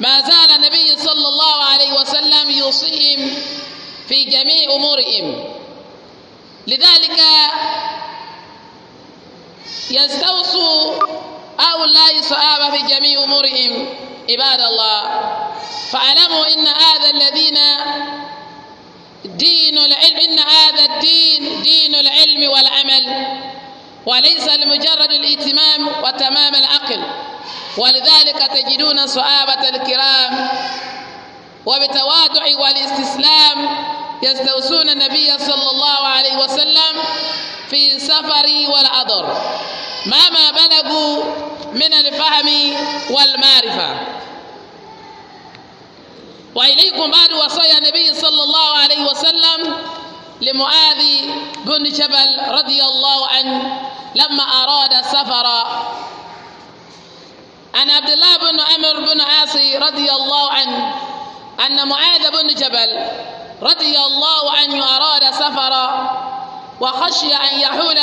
ما زال النبي صلى الله عليه وسلم يوصيهم في جميع أمورهم لذلك يستوصوا هؤلاء الصحابة في جميع أمورهم عباد الله فاعلموا إن هذا الذين دين العلم إن هذا الدين دين العلم والعمل وليس لمجرد الاهتمام وتمام العقل ولذلك تجدون الصحابة الكرام وبتواضع والاستسلام يستوصون النبي صلى الله عليه وسلم في سفر والأضر مهما بلغوا من الفهم والمعرفة وإليكم بعد وصايا النبي صلى الله عليه وسلم لمعاذ بن جبل رضي الله عنه لما أراد سفر عن عبد الله بن عمرو بن عاص رضي الله عنه أن معاذ بن جبل رضي الله عنه أراد سفرا وخشي أن يحول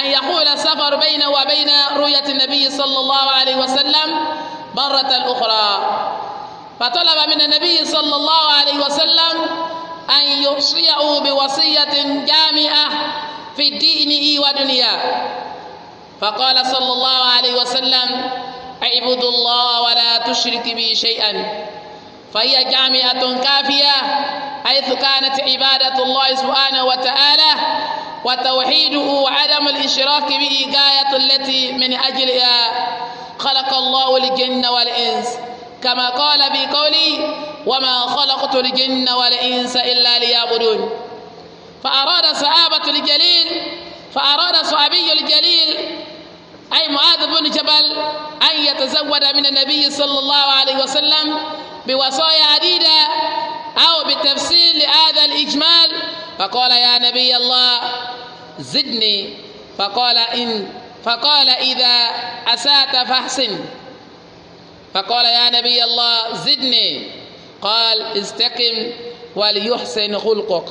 أن يحول السفر بينه وبين رؤية النبي صلى الله عليه وسلم مرة أخرى فطلب من النبي صلى الله عليه وسلم أن يوصيه بوصية جامعة في دينه ودنياه فقال صلى الله عليه وسلم اعبدوا الله ولا تشرك بي شيئا فهي جامعة كافية حيث كانت عبادة الله سبحانه وتعالى وتوحيده وعدم الإشراك به غاية التي من أجلها خلق الله الجن والإنس كما قال في قوله وما خلقت الجن والإنس إلا ليعبدون فأراد صحابه الجليل فأراد صحابي الجليل أي معاذ بن جبل أن يتزود من النبي صلى الله عليه وسلم بوصايا عديدة أو بالتفسير لهذا الإجمال فقال يا نبي الله زدني فقال إن فقال إذا أسات فاحسن فقال يا نبي الله زدني قال استقم وليحسن خلقك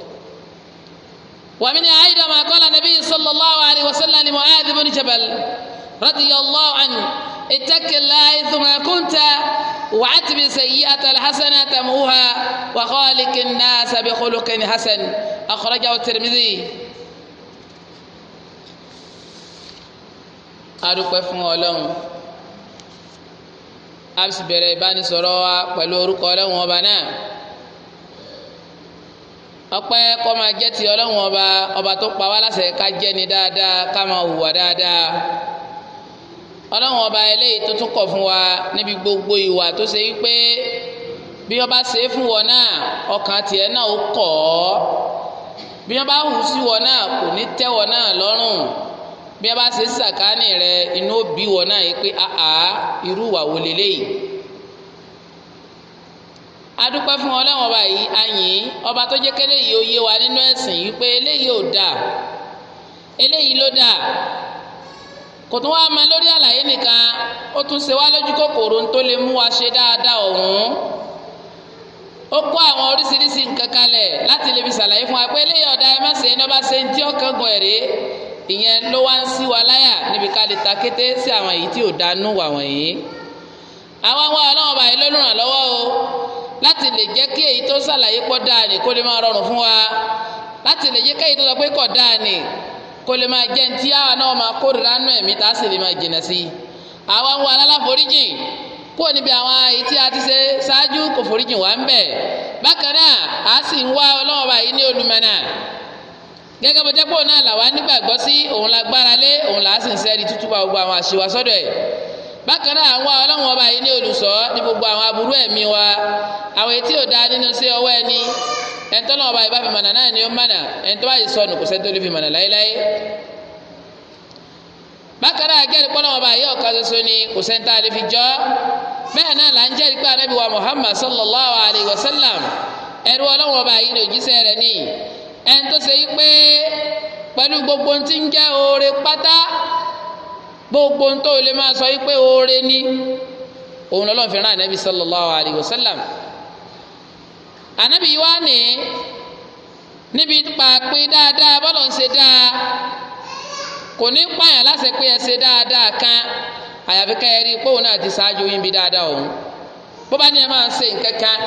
ومن أيضا ما قال النبي صلى الله عليه وسلم لمعاذ بن جبل رضي الله عنه اتق الله ثم كنت وعتب سيئة الحسنة تموها وخالق الناس بخلق حسن أخرجه الترمذي adúpẹ́ fún ọlọ́run a sì bẹ̀rẹ̀ ìbánisọ̀rọ̀ wa pẹ̀lú orúkọ ọlọ́run ọba náà ọpẹ́ kó máa jẹ́ ti ọlọ́run ọba ọba tó pa wá láṣẹ ká jẹ́ni dáadáa ká máa hùwà dáadáa ọlọ́run ọba eléyìí tó tún kọ̀ fún wa níbi gbogbo ìwà tó ṣe wípé bí wọ́n bá ṣe é fún wọn náà ọkàn tiẹ̀ náà ó kọ̀ ọ́ bí wọ́n bá hù sí wọn náà kò ní tẹ́ wọn náà lọ́rùn bí wọ́n bá ṣe sàkánì rẹ inú ó bí wọn náà yìí pé àá irú ìwà wo leléyìí adúpẹ́ fún ọlọ́run ọba yìí ayìn ọba tó jẹ́ kẹ́lẹ́ yìí ó yé wa nínú ẹ̀sìn yìí eléyìí ò dáa eléyìí ló dáa kò tún wá máa lórí àlàyé nìkan ó tún ṣe wá lójú kòkòrò tó lè mú wa ṣe dáadáa ọ̀hún ó kó àwọn oríṣiríṣi nǹkan kalẹ̀ láti lè fi ṣàlàyé fún wa pé eléyìí ọ̀dà ẹ má ṣe iná bá ṣe ń tí ọkàn gan ẹ̀rẹ́ ìyẹn ló wá ń sí wa láyà níbi ká lè ta kété sí àwọn èyí tí ò dánú wà wọ̀nyí àwọn àwọn ọlọ́wọ́n báyìí ló ràn lọ́wọ́ o láti lè jẹ́ kí èyí tó ṣàlàyé pọ̀ dáa nì kó lè máa rọrùn fún wa láti lè jẹ́ kéyìí tó sọ pé kọ̀ dáa nì kó lè máa jẹ́ ntí àwa náà máa kórìíra nù ẹ̀mí tá a sì lè máa jìnà sí i àwa ń wà lálàforíjì kúrò níbi àwọn àyè tí a ti ṣe ṣáájú kò foríjì wá ń bẹ̀ bákan náà a sì ń wá ọlọ́run ọba yìí ní olùmọ̀nà gẹ́gẹ́ bó jẹ́ pé òun náà làwa nígbàgbọ́ sí òun la gbára lé òun là á sì ń sẹ́ni tútù bá gbogbo àwọn àṣìwà sọ́dọ̀ ẹ̀ bákan náà àwọn ọlọ́run ọba yìí ní olùṣọ́ ní gbogbo àwọn aburú ẹ̀mí wa àwọn etí ò dáa nínú sí ọwọ́ ẹni ẹ̀ńtọ́lọ́ ọba ìbá fi mànà náà ni ó mànà ẹ̀ńtọ́ bá yìí sọnù kò sẹ́ńtọ́ lè fi mànà láéláé. bákan náà jẹ́rìí pọ́nlọ́ ọba yìí ọ̀ka ṣoṣo ni kò sẹ́ńtọ́ lè fi jọ́ bẹ́ẹ̀ náà là ń jẹ́rìí pé anábì wa Muhammad sallallahu alayhi wa sallam ẹ̀rú ọlọ́wọ́ ọba yìí ni òjíṣẹ́ rẹ̀ ní ẹ̀ńtọ́ ṣe yí pé pẹ̀lú gbogbo ti ń oore pátá gbogbo tó lè máa sọ yí pé oore ni òun fi rán anábì sallallahu alayhi wa sallam ànábì wá ní níbi pàpé dáadáa bọ́lọ̀ ń ṣe dáa kò ní pààyàn láti pé ẹ ṣe dáadáa kan àyàfi ká ẹ rí i pé òun náà ti ṣáájú yín bí dáadáa òun bó bá ní ẹ máa ń ṣe nǹkan kan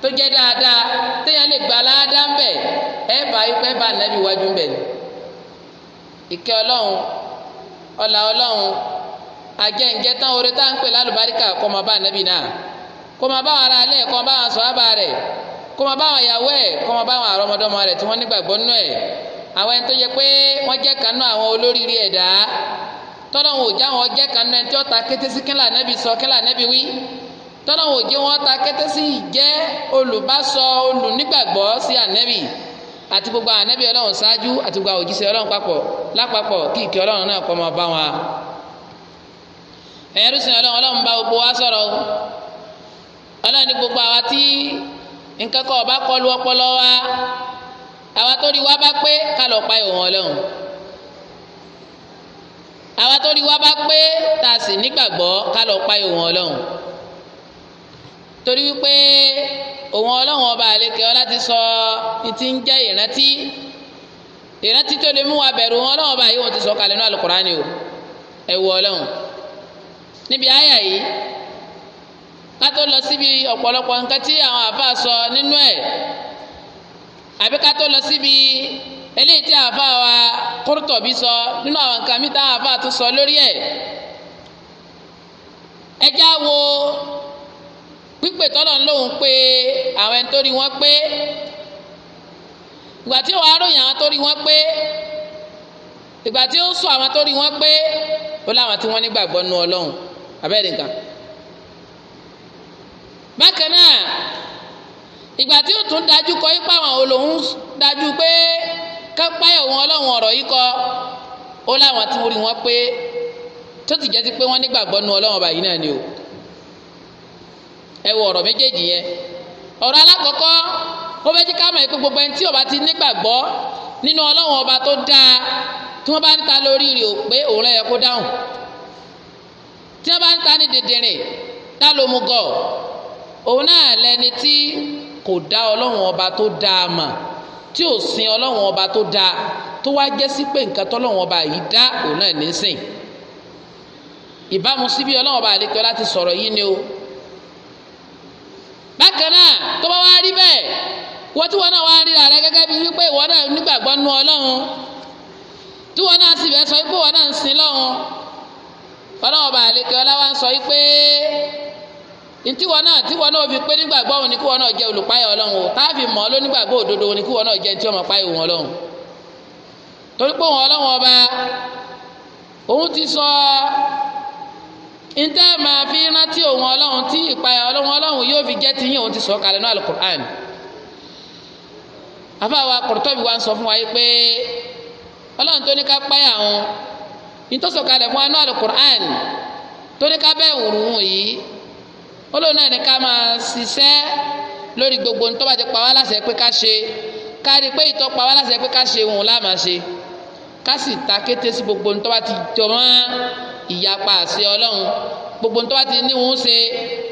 tó jẹ́ dáadáa téèyàn lè gba aláàdá ń bẹ̀ ẹ bá ẹ bá ànábì wájú ń bẹ̀ ni ìkẹ́ ọlọ́run ọlà ọlọ́run àjẹǹjẹ tán oore tá ń pè lálùbáríkà kọ́ máa bá ànábì náà kọ́ máa bá àwọn aráalé kọ́ máa bá àwọn sọ̀hábà kó máa bá àwọn ìyàwó ẹ̀ kó máa bá àwọn àrọ́mọdọ́mọ rẹ̀ tí wọ́n nígbàgbọ nínú ẹ̀ àwọn ẹni tó yẹ pé wọ́n jẹ́ kanú àwọn olóríire ò já wọn kanú ẹni tí ta kété sí kílà nẹ́bi sọ kílà nẹ́bi wí ò wọn ta kété sí jẹ́ olùbásọ olùnígbàgbọ́ sí ànẹ́bi àti gbogbo ànẹ́bi ọlọ́run ṣáájú àti gbogbo òjíṣẹ́ ọlọ́run papọ̀ lápapọ̀ kí ìkẹ́ ọlọ́run náà kọ́ máa bá nǹkan kan ọba kọlu ọpọlọ wa àwa tó rí wa bá pé ká lọ pa ìwọ̀n ọlọ́run àwa tó rí wa bá pé tá a sì nígbàgbọ́ ká lọ pa ìwọ̀n ọlọ́run torí wípé òun ọlọ́run ọba àlekè ọ láti sọ ti ń jẹ́ ìrántí ìrántí tó lè mú wa bẹ̀rù òun ọlọ́run ọba yìí wọ́n ti sọ kalẹ̀ ní Al-Qur'ani o ẹ ọlọ́run níbi àyà yìí kátó lọ síbi ọ̀pọ̀lọpọ̀ nǹkan tí àwọn àáfàá sọ nínú ẹ̀ àbí kátó lọ síbi eléyìí tí àáfàá wa Qurtubi sọ nínú àwọn nǹkan mi táwọn àáfàá tún sọ lórí ẹ̀ ẹjá wo pípè tọ́lọ̀ ń lóun pé àwọn ẹni tó rí wọ́n pé ìgbà tí wàá ròyìn àwọn tó rí wọ́n pé ìgbà tí ó sọ àwọn tó rí wọ́n pé ó láwọn tí wọ́n nígbàgbọ́ nu Ọlọ́run abẹ́rẹ́ nǹkan bákan náà ìgbà tí ó tún dájú kọ yípa àwọn olóhùn dájú pé kápáyà òun ọlọ́run ọ̀rọ̀ yìí kọ ó láwọn tí wọ́n rí wọn pé tó ti jẹ́ sí pé wọ́n nígbàgbọ́ nu ọlọ́run ọba yìí náà ni o ẹ wo ọ̀rọ̀ méjèèjì yẹn ọ̀rọ̀ alákọ̀ọ́kọ́ ó fẹ́ jí ká mọ̀ pé gbogbo ẹni tí ó bá ti nígbàgbọ́ nínú ọlọ́run ọba tó dáa tí wọ́n bá ń ta lórí rẹ̀ ò pé òun rẹ̀ yẹ kó dáhùn tí wọ́n bá ń ta ní dèdèrè tá ló mu gọ̀ọ́ òun náà lẹni tí kò dá ọlọ́run ọba tó dáa mà tí ò sin ọlọ́run ọba tó dáa tó wá jẹ́ sí pé nǹkan tọ́lọ́run ọba yìí dá òun náà ní sìn ìbámu síbi ọlọ́run ọba àlekẹ́ láti sọ̀rọ̀ yìí ni o bákan náà tó bá wá rí bẹ́ẹ̀ wọ́n tí wọ́n náà wá ríra rẹ gẹ́gẹ́ bíi wípé ìwọ náà nígbàgbọ́ nú ọlọ́run tí wọ́n náà sì bẹ́ẹ̀ sọ wípé ìwọ náà ń sin lọ́run ọlọ́run ọba àlekẹ́ ọlá wa ń sọ wípé ntiwọ náà tiwọ náà fi pé nígbàgbọ́ òun ni kí wọn náà jẹ olùpáyà ọlọ́run o tá a fi mọ̀ ọ́ ló nígbàgbọ́ òdodo òun ni kí wọn náà jẹ tí wọn mọ̀ páyà òun ọlọ́run torí pé òun ọlọ́run ọba òun ti sọ ntẹ́ máa fi rántí òun ọlọ́run tí ìpáyà ọlọ́run ọlọ́run yóò fi jẹ́ tiyín òun ti sọ kalẹ̀ náà alukur'an àfàwà Qurtubi wa ń sọ fún wa pé ọlọ́run tó ní ká páyà òun ní kalẹ̀ fún wa náà alukur'an tó ní ká bẹ́ẹ̀ wùrù yìí olóhùn náà ni ká máa ṣiṣẹ́ lórí gbogbo ní tó bá ti pa wá láṣẹ pé ká ṣe ká rí i pé ìtọ́ pa wá láṣẹ pé ká ṣe òun láà máa ṣe ká sì ta kété sí gbogbo ní tó bá ti jọ mọ́ ìyapa àṣẹ ọlọ́run gbogbo ní tó bá ti ní òun ṣe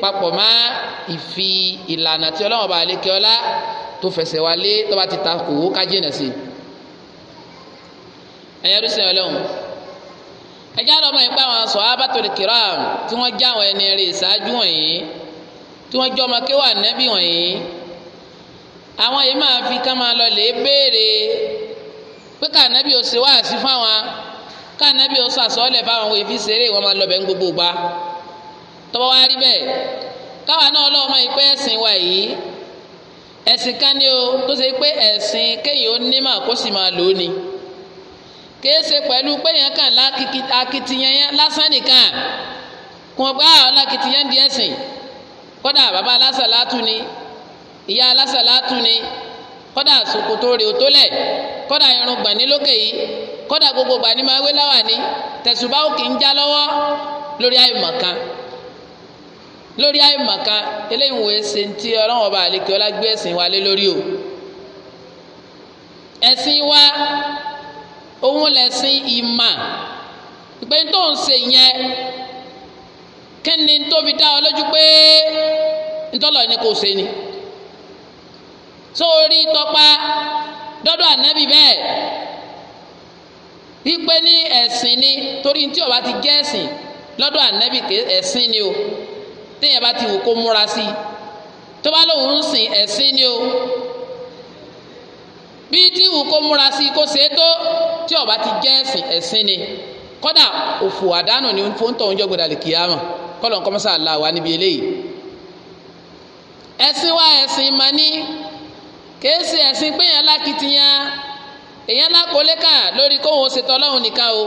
papọ̀ mọ́ ìfi ìlànà tí ọlọ́run bá lè kí ọlá tó fẹsẹ̀ wá tó bá ti ta kòwó ká sí ẹ̀yẹ́rú sẹ́yìn ọlọ́run ẹjẹ àlọmọ yìí pé àwọn sahabatul kiram tí wọ́n já àwọn ẹni rè ṣáájú wọ̀nyí tí wọ́n jọ ọmọ kéwà nẹbí wọ̀nyí àwọn yìí máa fi ká máa lọ lè béèrè pé kànẹ́bí ó ṣe wáàsí fáwọn kànẹ́bí ó sàsọ́ọ̀lẹ̀ fáwọn òye fi ṣeré wọ́n máa lọ bẹ́ẹ̀ ń gbogbo gbà tọ́wọ́ wá rí bẹ́ẹ̀ káwa náà ọlọ́mọ yìí pé ẹ̀sìn wa yìí ẹ̀sìn kan ni o tó ṣe pé ẹ̀sìn kéyìí ó ní mà kó sì máa lò ó ni kìí ṣe pẹ̀lú pé yẹn kàn akitiyan yẹn lásán nìkan kùn gbá ah, ọlákitiyan di ẹ̀sìn kódà bàbá alásàlátù ni ìyá alásàlátù ni kódà ṣòkòtò rẹ̀ ò tó lẹ̀ kódà irun gbọ̀n ní lókè yìí kódà gbogbo gbà ní máa wé láwà ní tẹ̀sùbá òkè ń já lọ́wọ́ lórí àìmọ̀ kan lórí àìmọ̀ kan eléyìí wòye ṣe ń ọlọ́wọ́n bá àlekè ọlá gbé ẹ̀sìn wa lórí o ẹ̀sìn wa òun lẹ̀sìn ìmà ìpè tó ń ṣe yẹn kí ni tó fi dá ọ lójú pé ntọ́lọ̀ ni kò ṣe ni sórí tọpa dọ́dọ̀ ànábì bẹ́ẹ̀ ìpè ní ẹ̀sìn ni torí tí ó bá ti jẹ́ ẹ̀sìn lọ́dọ̀ ànábì ẹ̀sìn ni o téèyàn bá ti wù kó múra sí i tó bá lóun ń sìn ẹ̀sìn ni o bí tí wù kó múra sí kó ṣe é tó tí ọba ti jẹ́ ẹ̀sìn ẹ̀sìn ni kọ́dà òfò àdánù ni fún tọ̀ ń jọ́gbọ̀dà lè kíá mọ̀ kọ́lọ̀ nǹkan là wà níbi eléyìí. ẹ̀sìn wa ẹ̀sìn mà ní kìí ṣe ẹ̀sìn pé èèyàn lákìtìyàn èèyàn lákòólẹ́kà lórí kóhun ó ṣètò ọlọ́run nìkan o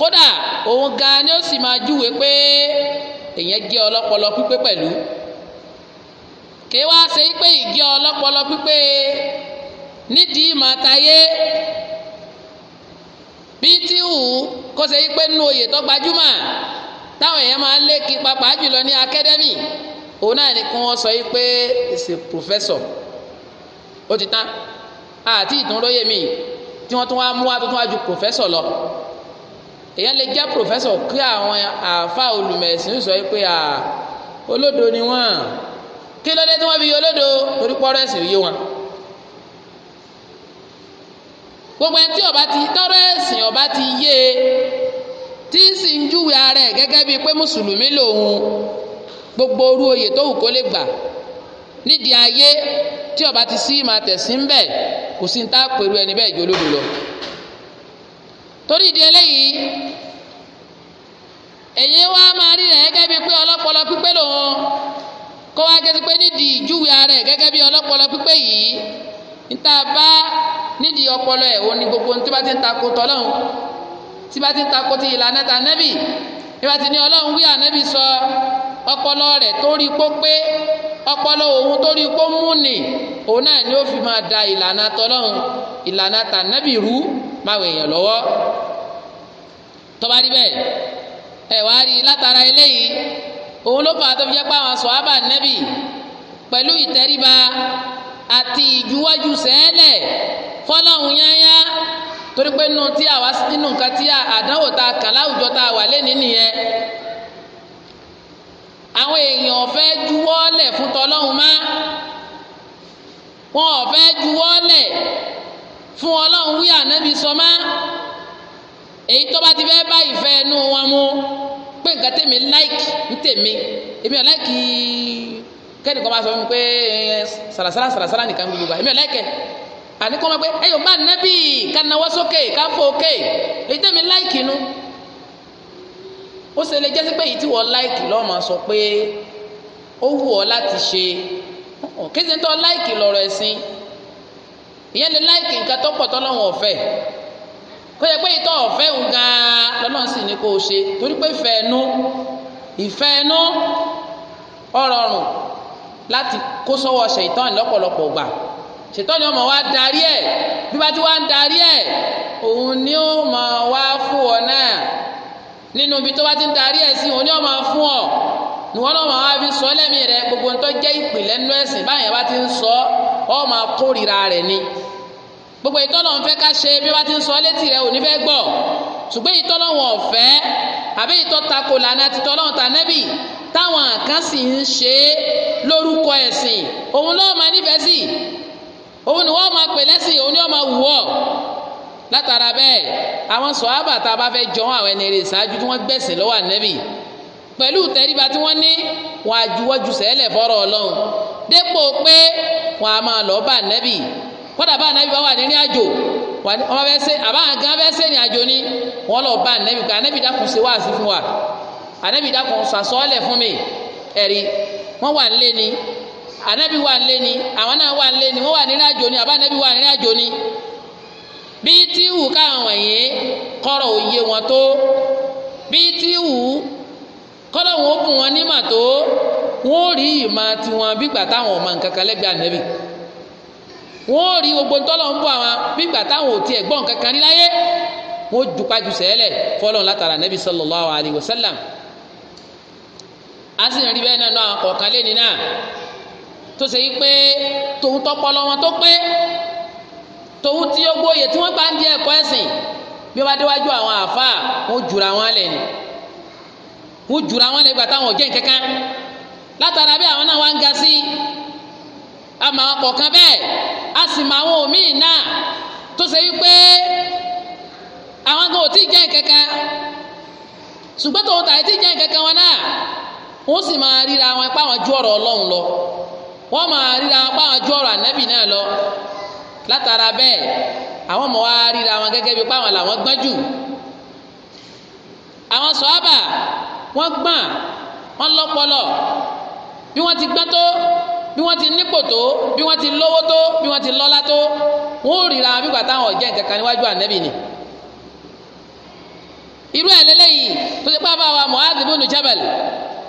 kódà òun gan ni ó sì máa júwe pé èèyàn jẹ́ ọlọ́pọlọ pípé pẹ̀lú kí wá ṣe pé ìjẹ́ ọlọ́pọlọ pípé nídìí màtáyé bíi tí wù ú kó ṣe pé nínú oyè tó gbajúmọ̀ táwọn èèyàn máa ń lé kí pàápàá jùlọ ní akadẹ́mì òun náà ni kí wọ́n sọ yìí pé ṣe pòfẹ́sọ̀ ó ti tán àti ìtúnróyè mi tí wọ́n tún wá mú wá tó tún wá ju pòfẹ́sọ̀ lọ èèyàn lè jẹ́ pòfẹ́sọ̀ kí àwọn àáfà olùmẹ̀sìn sọ yìí pé olódo ni wọ́n kí ló dé tí wọ́n fi olódo torí pọ́rẹ́sì yé wọn gbogbo ẹni tí ọba ti tọrọ ẹ̀sìn ọba ti yé e tí sì ń júwe ara ẹ̀ gẹ́gẹ́ bíi pé mùsùlùmí lòun gbogbo orú oyè tó wù kó lè gbà nídìí ayé tí ọba ti sí máa tẹ̀sí ń bẹ̀ kò sí ń tá pẹ̀lú ẹni bẹ́ẹ̀ jó lódò lọ. torí ìdí eléyìí èyí wá máa rí rẹ̀ gẹ́gẹ́ bíi pé ọlọ́pọlọ pípé lòun kó wá gẹ́gẹ́ pé nídìí ìjúwe ara ẹ̀ gẹ́gẹ́ bíi ọlọ́pọlọ pípé yìí ń tá a bá nídìí ọpọlọ ẹ̀ òun ni gbogbo tí bá ti ń takò tọ́lọ́hún tí bá ti ń takò ti ìlànà ta nẹ́bì tí bá ti ní ọlọ́run wí ànẹ́bì sọ ọpọlọ rẹ̀ torí kó pé ọpọlọ òun torí kó mú nì òun náà ni ó fi máa da ìlànà tọ́lọ́hún ìlànà ta nẹ́bì rú máa wẹ̀ èèyàn lọ́wọ́ tọ́ba rí bẹ́ẹ̀ ẹ̀ wá rí látara eléyìí òun ló fà á tó fi jẹ́ pé àwọn sọ̀hábà àti ìjúwájú sẹ́ẹ̀lẹ̀ fọlọ́hún yányá torí pé nínú tí àwa nínú nǹkan tí àdánwò tá a kàn láwùjọ tá a wà lẹ́ni nìyẹn àwọn èèyàn fẹ́ juwọ́lẹ̀ fún tọlọ́hún má wọn ò fẹ́ juwọ́lẹ̀ fún ọlọ́hún wí ànábì sọ má èyí tó bá ti fẹ́ bá ìfẹ́ inú wọn mu pé nǹkan tèmi láìkì ń tèmi èmi ò láìkì í kẹ́ni kan bá sọ fún mi pé eh, sàràsàrà sàràsàrà nìkan gbogbo wa èmi ò lẹ́kẹ̀ àní kọ́ ma pé ẹ yóò bá nẹ́bì ká nawọ́ sókè ká fò òkè èyí tẹ́mi láìkì nu ó ṣe lè jẹ́ sí pé èyí tí wọ́n láìkì lọ́ọ́ máa sọ pé ó wù ọ́ láti ṣe kí ni tó láìkì lọ́rọ̀ ẹ̀sìn ìyẹn lè láìkì nǹkan tó pọ̀ tọ́lọ́wọ̀n ọ̀fẹ́ kó yẹ pé ìtọ́ ọ̀fẹ́ òun gan-an lọ́nà láti kó sọ́wọ́ ṣèitán lọ́pọ̀lọpọ̀ gbà ṣèitán ni ọmọ wa darí ẹ̀ bí bá ti wá ń darí ẹ̀ òun ni ó máa wá fún ọ náà nínú ibi tó bá ti ń darí ẹ̀ sí òun ni ó máa fún ọ nìwọ́n náà máa fi sọ lẹ́mìí rẹ gbogbo ntọ́ jẹ́ ìpìlẹ̀ nínú ẹ̀sìn báyẹn bá ti ń sọ ọ máa kórìíra rẹ̀ ni gbogbo ìtọ́nà ń fẹ́ ká ṣe bí bá ti ń sọ létí rẹ òní fẹ́ gbọ́ ṣùgbọ́n ìtọ́nà wọn ò fẹ́ àbí ìtọ́ tako lànà àti tọ́lọ́hùn tànẹ́bì táwọn kan sì ń ṣe é lórúkọ ẹ̀sìn òun lọ́wọ́ máa nífẹ̀ẹ́ sí òun ni wọ́n máa pè lẹ́sìn òun ni wọ́n máa wù ọ́ látara bẹ́ẹ̀ àwọn sọ̀hábà tá a bá fẹ́ jọ àwọn ẹni rè ṣáájú tí wọ́n gbẹ̀sìn lọ́wọ́ ànẹ́bì pẹ̀lú tẹríba tí wọ́n ní wọn àjúwọ́jú sẹ́lẹ̀ fọ́rọ̀ ọlọ́run dépò pé wọn a máa lọ bá ànẹ́bì kódà bá ànẹ́bì bá wà nínú àjò wọn fẹ́ ṣe àbá àgán fẹ́ ṣe ìrìn àjò ni wọn lọ bá ànẹ́bì pé ànẹ́bì dákun ṣe wáàsí fún wa anabi dákun sàsọ́ọ̀lẹ̀ fún mi ẹ̀rí wọ́n wà nílé ni anabi wà nílé ni àwọn náà wà nílé ni wọ́n wà nílé àjò ni àbá anabi wà nílé àjò ni bí tí wù káwọn wọ̀nyí kọ́rọ̀ òye wọn tó bí tí wù kọ́rọ̀ wọn ó bùn wọn nímà tó wọn ò rí ìmọ̀ tiwọn bígbà táwọn ọmọ nǹkan kan lẹ́gbẹ̀ẹ́ anabi wọn ò rí gbogbo ntọ́lọ̀ ń bọ̀ àwọn bígbà táwọn ò tiẹ̀ gbọ́ nǹkan kan rí láyé wọn ò dupájú sẹ́lẹ̀ fọlọ́n látara anabi sallallahu alayhi wa sallam a sì rìn rí bẹ́ẹ̀ náà nù àwọn kọ̀ọ̀kan lẹ́ni náà tó ṣe yí pé tòun tọpọlọ wọn tó pé tòun tí ó gbóyè tí wọ́n bá ń di ẹ̀kọ́ ẹ̀sìn bí wọ́n bá àwọn àáfàá wọ́n jùra wọn lẹ̀ ni wọ́n jùra wọn lẹ̀ gbà táwọn ò jẹ́ nǹkankan látara bí àwọn náà wá ń ga sí àmọ́ àwọn kọ̀ọ̀kan bẹ́ẹ̀ a sì mọ àwọn òmíì náà tó ṣe yí pé àwọn kan ò tí ì jẹ́ nǹkankan ṣùgbọ́n tòun tàyè tí ì jẹ́ nǹkankan wọn náà wọ́n sì máa ríra wọn pé àwọn ju ọ̀rọ̀ Ọlọ́run lọ wọ́n máa ríra wọn pé àwọn ju ọ̀rọ̀ ànábì náà lọ látara bẹ́ẹ̀ àwọn ọmọ wa ríra wọn gẹ́gẹ́ bíi pé àwọn làwọn gbọ́n jù àwọn sọ́ábà wọ́n gbọ́n wọ́n lọ́pọlọ bí wọ́n ti gbọ́n tó bí wọ́n ti nípò tó bí wọ́n ti lówó tó bí wọ́n ti lọ́lá tó wọ́n ò ríra wọn bígbà táwọn ọ̀jẹ́ nǹkan kan níwájú ànábì ni. irú ẹ̀ lélẹ́yìí tó ti pàápàá wa Mu'adh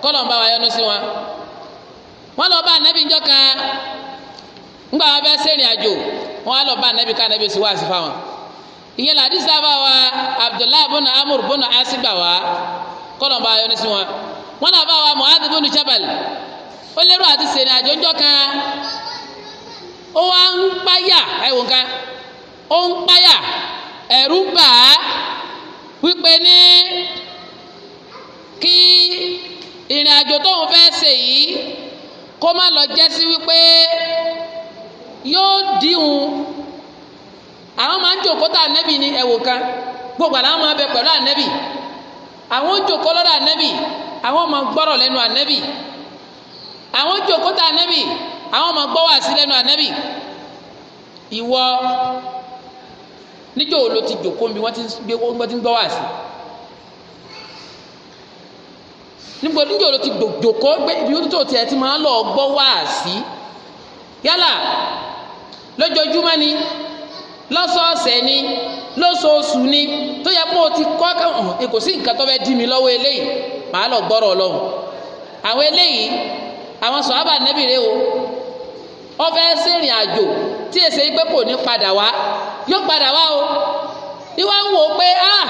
kọ́lọ̀ ń n'usi wa wọn. lọ bá anabi njọ́ kan ńgbà wọn bẹ́ẹ̀ sẹ́rìn àjò wọ́n lọ bá anabi ká anabi sí wá sí fáwọn. ìyẹn wa abdullahi bùnà amúr bùnà asigba wa kọ́lọ̀ ń bá wa wọn. lọ bá wa mu'adh bùnà jabal ó ìrìn àjò tóun fẹ́ ṣe yìí kó má lọ jẹ́ sí wípé yóò díhun àwọn máa ń jòkó tá ànẹ́bì ní ẹ̀wò kan gbogbo àwọn máa bẹ pẹ̀lú ànẹ́bì àwọn jòkó lọ́dọ̀ ànẹ́bì àwọn máa gbọ́rọ̀ lẹ́nu ànẹ́bì àwọn jòkó tá ànẹ́bì àwọn máa gbọ́ wá sí lẹ́nu ànẹ́bì ìwọ níjọ́ wo ló ti jòkó mi wọ́n ti ń gbọ́ wá sí i. n'igbo níjọ́ ló ti jòkó gbé ibi tó tiẹ̀ ti máa lọ gbọ́ sí yálà lójoojúmọ́ ni lọ́sọ̀ọ̀sẹ̀ ni lóṣooṣù ni tó yẹ kó o ti kọ́ kàn kò sí nǹkan tó fẹ́ dí mi lọ́wọ́ eléyìí màá lọ gbọ́rọ̀ ọlọ́run àwọn eléyìí àwọn sọ̀hábà nẹ́bìrẹ́ o wọ́n fẹ́ sẹ́rìn àjò tí èsè yìí pé kò ní padà wá yóò padà wá o ìwà ń wò ó pé ah,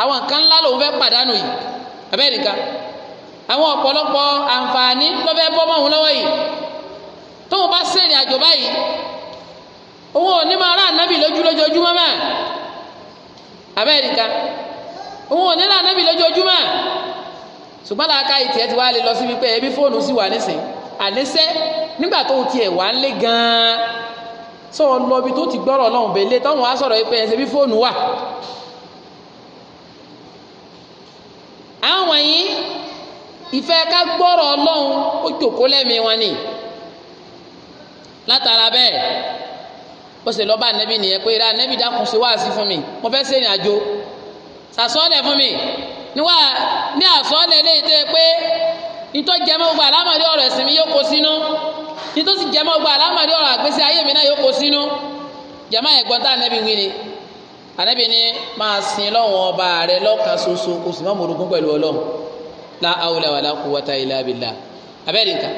àwọn nǹkan ńlá lòun fẹ́ pàdánù yìí nìkan àwọn ọ̀pọ̀lọpọ̀ àǹfààní lọ́fẹ́ bọ́ mọ́ òun lọ́wọ́ yìí tóun bá sẹ́rìn àjò báyìí òun ò ní máa rà nábì lójú lójoojúmọ́ mọ́ abẹ́ẹ̀ríkà òun ò ní rà nábì lójoojúmọ́ ṣùgbọ́n làákà ìtì ẹ ti wá lè lọ síbi pé ẹbí fóònù sì wà nísìn àníṣẹ́ nígbà tó ti ẹ̀ wá ń lé gan-an sọ lọ ibi tó ti gbọ́rọ̀ lọ́hùn bẹ́ẹ̀ lé tọ́hùn sọ̀rọ̀ pé ẹsẹ̀ bí fóònù wà. àwọn wọ̀nyí ìfẹ́ ká gbọ́rọ̀ ọlọ́run ó jòkó lẹ́mìí wọn ni látara bẹ́ẹ̀ bọ́sẹ̀ lọ́ba nẹ́bí nìyẹn pé ra nẹ́bí dákun ṣe wáàsí fún mi mo fẹ́ ṣe ìrìn àjò sàsọ́ọ̀lẹ̀ fún mi níwá ní àsọ́ọ̀lẹ̀ léyìí tó yẹ pé nítọ́ jẹmọ́ gbogbo àlámọ̀rí ọ̀rọ̀ ẹ̀sìn mi yóò kó sínú nítọ́ sì jẹmọ́ gbogbo àlámọ̀rí ọ̀rọ̀ àgbésí ayé mi náà yóó kó sínú jẹmọ́ ẹ̀gbọ́n tá ànẹ́bí wí ni ànẹ́bí ni máa sin lọ́wọ́n ọba rẹ lọ́kàn ṣoṣo kò sì má mọ̀ pẹ̀lú ọlọ́run لا awla ولا قوة إلا بالله. abẹ́rẹ́ nǹkan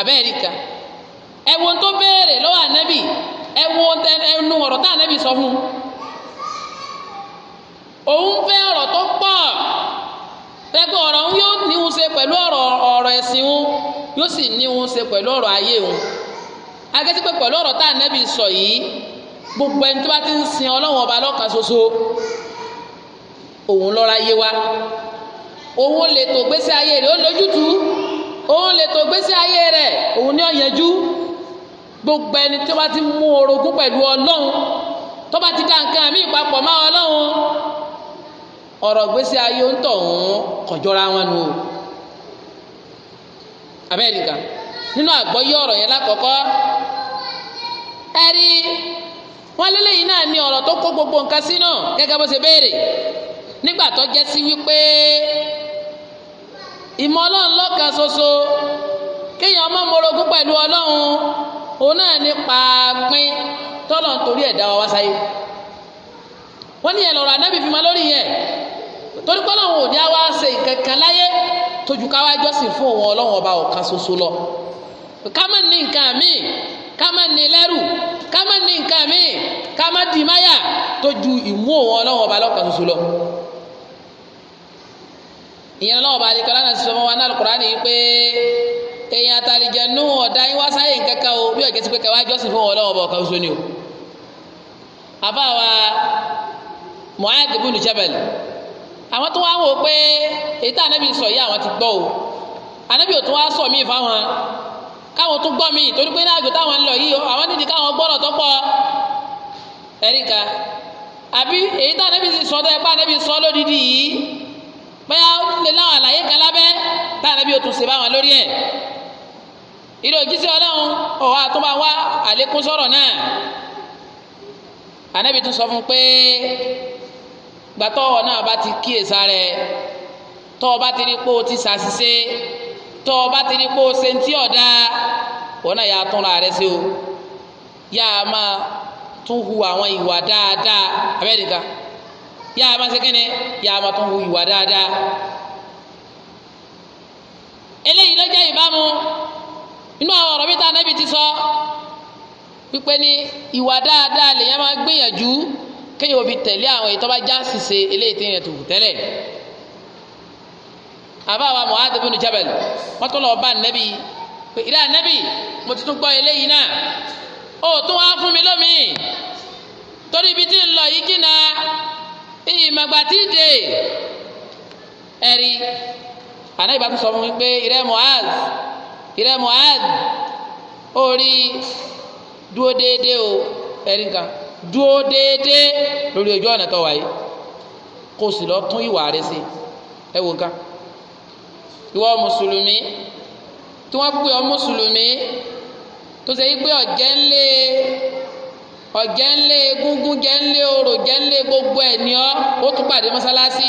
abẹ́rẹ́ nǹkan ẹ̀wọ̀n النبي. béèrè lọ́wọ́ ànábì النبي ẹnu ọ̀rọ̀ tá ànábì sọ fún òun fẹ́ ọ̀rọ̀ tó pọ̀ pẹ́pẹ́ ọ̀rọ̀ òun yóò níhun ṣe pẹ̀lú ọ̀rọ̀ ọ̀rọ̀ ẹ̀sìn òun yóò sì níhun ṣe pẹ̀lú ọ̀rọ̀ ayé òun agẹ́sí pé pẹ̀lú ọ̀rọ̀ tá ànábì sọ yìí gbogbo ẹni tó bá ti ń sin ọlọ́wọ́n ọba lọ́kan ṣoṣo òun lọ́ra yé wa òun lè tó gbésí ayé rẹ̀ ó lójútùú òun lè tó gbésí ayé rẹ̀ òun ni ó yanjú gbogbo ẹni tó bá ti mú orogún pẹ̀lú ọlọ́run tó bá ti dá nǹkan àmì ìpapọ̀ mọ́ ọlọ́run ọ̀rọ̀ gbésí ayé ń tọ̀ ọ̀hún kọjọ́ra wọn nu o amẹ́ríkà nínú àgbọ́yé ọ̀rọ̀ yẹn lákọ̀ọ́kọ́ ẹ̀rí wọn lélẹ́yìn náà ni ọ̀rọ̀ tó kó gbogbo nǹkan sínú gẹ́gẹ́ bó ṣe béèrè nígbà tó jẹ́ sí wípé ìmọ̀ ọlọ́run lọ́kan ṣoṣo kéèyàn ọmọ morogún pẹ̀lú ọlọ́run òun náà ní pàápín tọ́lọ̀ nítorí ẹ̀dá wa wá sáyé wọ́n ní ẹ̀ lọ́rọ̀ ànábì fi máa lórí yẹn torí pé ọlọ́run ò ní àwa ṣe ìkankan láyé tójú ká wá jọ́sìn fún òun ọlọ́run ọba ọ̀kan ṣoṣo lọ ká má ní nǹkan míì ká má ní lẹ́rù ká má ní nǹkan míì ká má dì máyà tójú ìmú òun ọlọ́run ọba lọ́kan ṣoṣo lọ ìyẹn lọ́wọ́ bá alẹ́ kọ́lá náà sọ fún wa náà Al-Qur'ani yìí pé èèyàn àtàlìjẹ nù ọ̀dà yín wá sáyé nkankan o bí ọ̀jẹ̀ pé kẹwàá jọ́sìn fún wọn lọ́wọ́ bọ̀ kan sóni o. àbá wa Mu'adh ibn Jabal àwọn tó wá wò ó pé èyí tá ànábì sọ yìí àwọn ti gbọ́ o ànábì ò tún wá sọ míì fáwọn káwọn tún gbọ́ míì torí pé náàjò táwọn ń lọ yìí àwọn nídìí káwọn gbọ́dọ̀ tó pọ̀ ẹ̀ríkà àbí èyí tá ànábì sọ anabi ó tún ṣe báwọn lórí ẹ̀ ìlú òjíṣẹ́ ọlọ́run ọ̀hún àtúnbà wá àlékún sọ̀rọ̀ náà anabi tún sọ fún pé gbàtọ́ ọ̀nà bá ti kíyèsá rẹ̀ tọ́ ọ bá ti rí pé o ti ṣàṣìṣe tọ́ ọ bá ti rí pé o ṣe ń tí ọ̀dá wọn náà yà á túnra rẹ̀ sí o yà máa tún hu àwọn ìwà dáadáa abẹ́rẹ́ nìkan yà máa ṣe kí ni yà máa tún hu ìwà dáadáa eléyìí ló jẹ́ ìbámu inú àwọn ọ̀rọ̀ bíta anábì ti sọ wípé ní ìwà dáadáa lèyàn máa gbìyànjú kéèyàn òbí tẹ̀lé àwọn èyí tó bá já ṣìṣe eléyìí tí yẹn tó kù tẹ́lẹ̀ àbá wa Mu'adh ibn Jabal wọ́n tún lọ́ọ́ bá nẹ́bí pé ilé ànẹ́bí mo ti tún gbọ́ eléyìí náà ó tún wá fún mi lómii torí ibi tí ń lọ yìí kí na ìmọ̀gbà tí ì dé ẹ̀rí àná ìbá tún sọ fún mi pé ìrẹ́ Mu'adh ìrẹ́ Mu'adh ó rí dúó déédéé o ẹ̀rí nǹkan dúó déédéé lórí ojú ọ̀nà tó wáyé kó sì lọ tún ìwà rẹ sí ẹ wò nǹkan ìwọ mùsùlùmí tí wọ́n pè ọ́ mùsùlùmí tó ṣe yí pé ọ̀jẹ̀ ńlẹ̀ egungun jẹ́ ńlẹ̀ orò gbogbo ẹ̀ ní ọ́ ó tún pàdé mọ́sálásí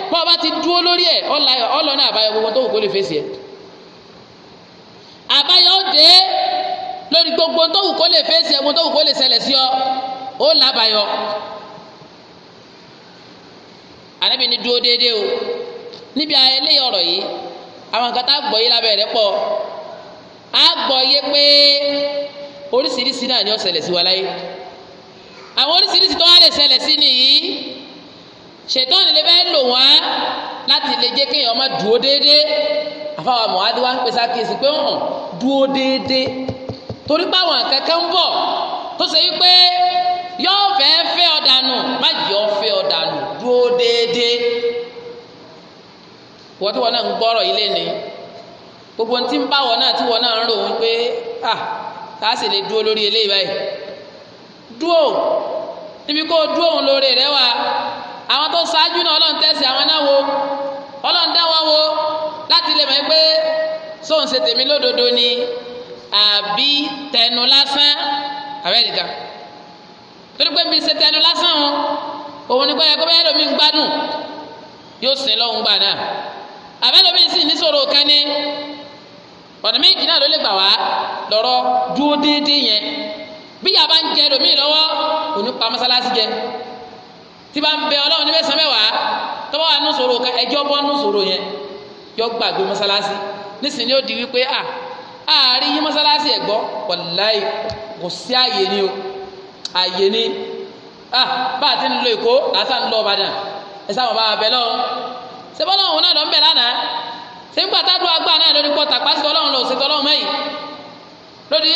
bọ́ ọba ti dúró lórí ẹ̀ ọlọ́nà àbáyọ gbogbo tó wù kó lè fèsì ẹ̀ àbáyọ dé lórí gbogbo tó wù kó lè fèsì ẹ̀ gbogbo tó wù kó lè ṣẹlẹ̀ sí ọ ó làbáyọ ànábì ní dúró déédéé o níbi eléyìí ọ̀rọ̀ yìí àwọn nǹkan tá a gbọ́ yé lábẹ́ a gbọ́ yé pé oríṣiríṣi náà ni ó ṣẹlẹ̀ sí wa láyé àwọn oríṣiríṣi tó wá lè ṣẹlẹ̀ sí nìyí. ṣètọ́ni lè fẹ́ lò wọ́n láti lè jẹ́ kéèyàn má dúró déédéé àfàwọn mọ̀wádìí wa ń pèsè àkíyèsí pé hàn dúró déédéé torí báwọn kẹ̀kẹ́ ń bọ̀ tó ṣe wípé yóò fẹ́ fẹ́ ọ̀dànù má jẹ́ ọ ọ̀dànù dúró déédéé wọ́n tí wọ́n náà ń gbọ́rọ̀ ilé ni gbogbo ohun tí ń bá wọ́n náà tí wọ́n náà ń rò pé à tá a sì lè dúró lórí eléyìí báyìí dúró níbi kó dúró òun rẹ wá àwọn tó ṣáájú náà ọlọ́run tẹ̀sí àwọn náà wo ọlọ́run dá wọn wo láti lè mọ̀ pé sóun ṣe tèmi lódodo ni àbí tẹnu lásán àbẹ́ẹ̀dìgà torí pé mi ṣe tẹnu lásán o òun ni pé ẹgbẹ́ bẹ́ẹ̀ lómi ń gbádùn yóò sìn lọ́hùn gbà náà àbẹ́ lómi sì ní sọ̀rọ̀ kan ní ọ̀nà méjì náà ló lè gbà wá lọ́rọ́ dúró déédéé yẹn bí yàrá ń jẹ lómi lọ́wọ́ òun pa mọ́sálásí jẹ tí bá ń bẹ ọlọ́run níbẹ̀ sàn mẹ́wàá tọ́wọ́ wa nù sòrò ẹjọ́ bọ́ yẹn yọ gbàgbé mọ́sálásí nísìnyí ó di wípé à àárín mọ́sálásí ẹ̀ gbọ́ wàláì kò sí àyè o àyè ni bá a ti ń lo èkó lọ ẹ a bẹ lọ́wọ́ ṣé bọ́lá òun náà lọ ń lánàá ṣé a dúró náà lórí pọ́tà pásítọ̀ ọlọ́run lọ mẹ́yìn lórí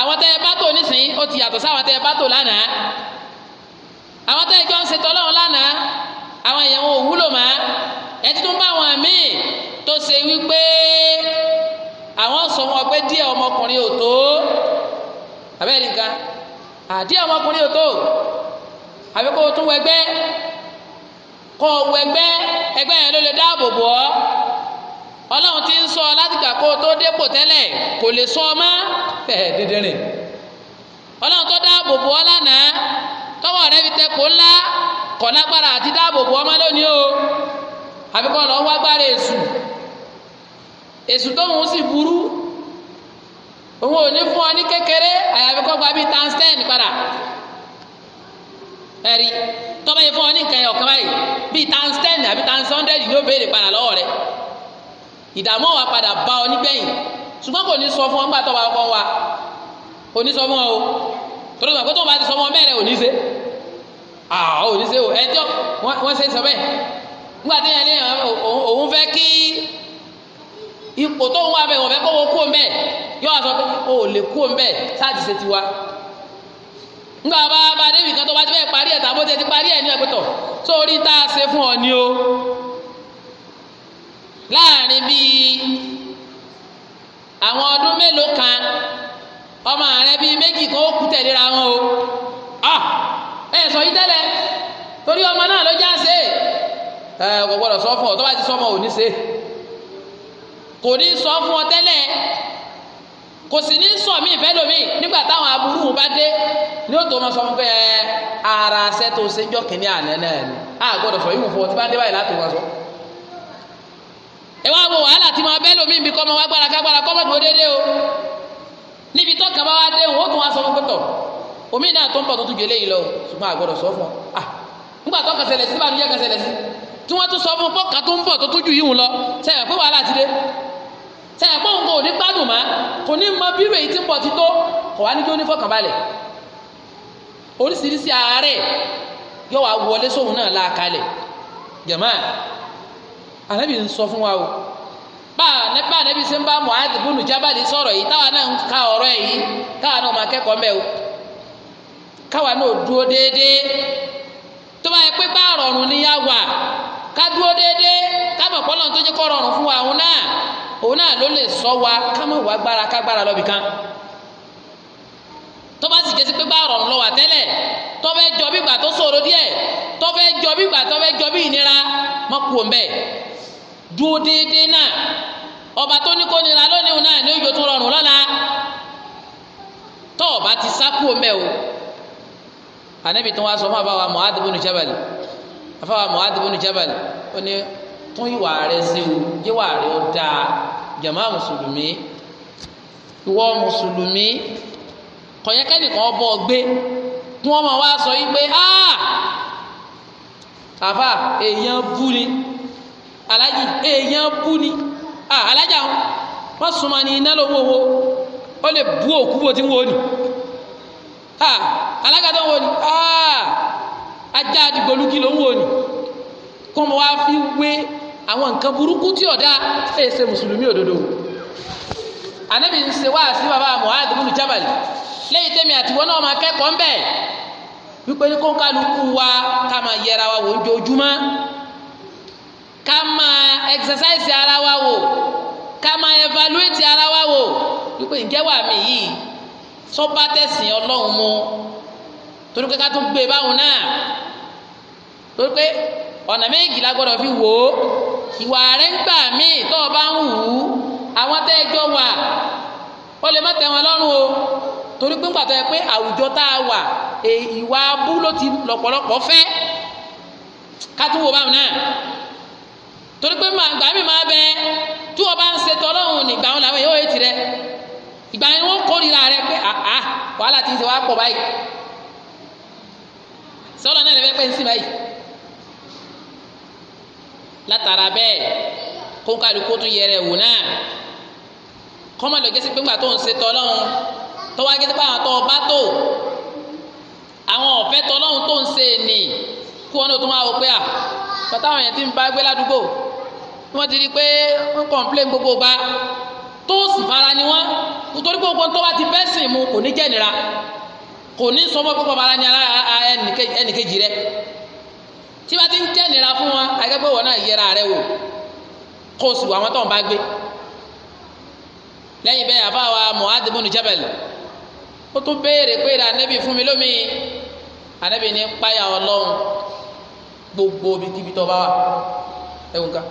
àwọn bá tò nísìnyí ó ti yàtọ̀ sáwọn bá àwọn tẹ́ ìjọ ń ṣe tọ́lọ́run lánàá àwọn èèyàn ò wúlò mọ́ ẹ ti tún bá àwọn míì tó ṣe wípé àwọn sọ wọn pé díẹ̀ ọmọkùnrin ò tó abẹ́rẹ́ nìkan àdíẹ̀ ọmọkùnrin ò tó kó o tún wẹgbẹ́ kó o wẹgbẹ́ ẹgbẹ́ yẹn ló lè dáàbò bò ọ́ ọlọ́run ti ń sọ ọ láti gbà kó o ọ mọ́ tọ́wọ́ rẹ fi tẹ kó ńlá kọ̀lágbára àti dáàbòbò ọmọ lónìí o àfikún ọ̀nà wá gbára èṣù èṣù tóun sì burú òun ò ní fún ọ ní kékeré àyàfi kọ́ gba bíi tan ten padà ẹ̀rí tọ́ba yìí fún ọ ní nǹkan ẹ̀ ọ̀kan báyìí bíi tan ten àbí tan hundred yóò béèrè padà lọ́wọ́ rẹ ìdààmú wa padà bá ọ nígbẹ̀yìn ṣùgbọ́n kò ní sọ fún ọ nígbà tó bá wa kò ní sọ fún ọ o torí ìgbà pé tó bá ti sọ fún ọ mẹ́rẹ̀ ò ní ṣe. àwọn ah, oníṣẹ́ o ẹjọ́ wọ́n ṣe sọ bẹ́ẹ̀ nígbà tí òun fẹ́ kí ipò tó ń wá bẹ́ẹ̀ wọ́n fẹ́ kó wọn kú sọ pé o ò lè kú mbẹ́ sáàtì ṣe ti wa nígbà bá bá débi kan tó bá ti fẹ́ parí ẹ̀ tàbó ti parí ẹ̀ ní ẹ̀pẹ̀tọ̀ sórí tá fún ọ o láàrin bíi àwọn ọdún ẹ sọ yí tẹ́lẹ̀ torí ọmọ náà ló já ṣe ẹ kò gbọdọ̀ sọ fún ọ tó bá ti sọ ọmọ ò ní ṣe kò ní sọ fún ọ tẹ́lẹ̀ kò sì ní sọ mí ìfẹ́ lómi nígbà táwọn aburú bá dé ní ó tó máa sọ fún pé ara ṣẹ́ tó ṣe jọ́ kínní àná náà ni a gbọ́dọ̀ sọ ìwọ̀n fún ọ tí bá dé báyìí látò wọn sọ. ẹ wá wo wàhálà tí máa bẹ́ lómi ibi kọ́ ọmọ wa gbára kágbára kọ́ déédéé o níbi tó kàn bá wá dé òun ó tún wá sọ fún pé tọ̀ omi náà tó ń bọ̀ tó tún gèlè yìí lọ ṣùgbọ́n àgbọ̀dọ̀ sọ fún ọ ah nígbà tó kàn ṣẹlẹ̀ sí bá nìyẹn kàn ṣẹlẹ̀ sí tí wọ́n tún sọ fún pọ́ka tó ń bọ̀ tó tún ju yìí hùn lọ sẹ́yìn pé wàhálà ti dé sẹ́yìn pé òun kò ní gbádùn má kò ní mọ bírò èyí tí ń bọ̀ ti tó kò wá ní kí ó ní fọkànbalẹ̀ oríṣiríṣi àárẹ̀ yóò wá wọlé sóhun náà láàkalẹ̀ jẹ̀mọ́ ànábì ń sọ fún wa o bá ànábì ṣe ń bá Mu'adh bùnú jábàlì sọ̀rọ̀ yìí táwa náà ń ka ọ̀rọ̀ yìí táwa náà máa kẹ́kọ̀ọ́ mẹ́ káwa náà dúró déédéé tó bá yẹ pé bá rọrùn ní yá ká dúró déédéé ká mọ̀ pọ́lọ́n tó jẹ́ kó rọrùn fún wa òun náà òun náà ló lè wa ká mọ̀ wá gbára ká gbára lọ́bì kan tó bá sì jẹ́ sí pé bá rọrùn lọ́wọ́ tẹ́lẹ̀ tó fẹ́ jọ bí ìgbà tó ṣòro díẹ̀ tó fẹ́ jọ bí tó nira lónìí òun anabi tún wá sọ fún àbáwá mu'adh ibn jabal àfáwá mu'adh ibn jabal ó ní tún ìwà rẹ sí o yíwà rẹ ó dáa jama mùsùlùmí ìwọ mùsùlùmí kọ̀yẹ́kẹ́nì kan bọ́ ọ gbé kí wọ́n máa wá sọ yí pé àfà èèyàn bú ni alájì èèyàn bú ni alájà wọn súnmọ́ ni iná lówó wo ó lè bú òkú bó ti ń ni. ha alága tó ń wò ni ajá àdìgbòlùkì ló ń ni kó mo wá fi wé àwọn nǹkan burúkú tí ọ̀dá èsè mùsùlùmí òdodo anabi ń ṣe wáá sí bàbá Mu'adh ibn Jabal lẹ́yìn tẹ́mi àtiwọ́ náà máa kẹ́kọ̀ọ́ ń bẹ̀ wípé ní wa ká máa yẹra wa wò ká máa exercise ara wa wò ká máa evaluate ara wa wò wípé ǹjẹ́ wà mí yìí sọ́ba tẹ̀sìn ọlọ́run mu torí pé ká tún gbé e báwọn náà torí pé ọ̀nà méjì la fi wò ó ìwà rẹ̀ ń gbà míì tó o bá ń wù ú àwọn tẹ́ ẹ jọ wà ó lè má tẹ́ wọn lọ́rùn o torí pé ń pàtó yẹ pé àwùjọ tá a wà e, ìwà abú ló ti lọ́pọ̀lọpọ̀ fẹ́ ká tún wò báwọn náà torí pé gbàmí máa bẹ tí wọ́n bá ń ṣe tọ́lọ́hùn nígbà wọn làwọn yóò yé tirẹ̀ ìgbà yẹn wọ́n kórìíra rẹ pé àá ah, ah, wàhálà ti ń ṣe wàá pọ̀ báyìí sọ́lọ́ náà lè fẹ́ pẹ́ ń sìn báyìí látara bẹ́ẹ̀ kónkálukó tún yẹrẹ wò náà kọ́mọ lọ gẹ́sí pé ńgbà tó ń ṣe tọ́lọ́hún tó wá gẹ́sí pé àwọn tó bá tó àwọn ọ̀fẹ́ tọ́lọ́hún tó ń ṣe nì kí wọ́n náà tó máa wọ pé à ah, bàtà àwọn yẹn ti ń bá gbé ládùúgbò wọ́n ti rí i pé wọ́n kọ̀ǹplé gbogbo bá tó sì fara ni wọ́n nítorí pé gbogbo tó bá ti bẹ́ẹ̀ sìn mu kò ní jẹ́ nira kò ní sọmọ púpọ̀ fara ni ẹnìkejì rẹ tí bá ti ń jẹ́ nira fún wọn akẹ́gbẹ́ wọn náà yẹra rẹ wò kó o sì wọ àwọn tó ń bá gbé lẹ́yìn bẹ́ẹ̀ àbá wa Mu'adh ibn Jabal ó tún béèrè pé ìdá fún mi lómi anabi ní páyà Ọlọ́run gbogbo bíkíbi tó bá wà ẹ̀wùn kan.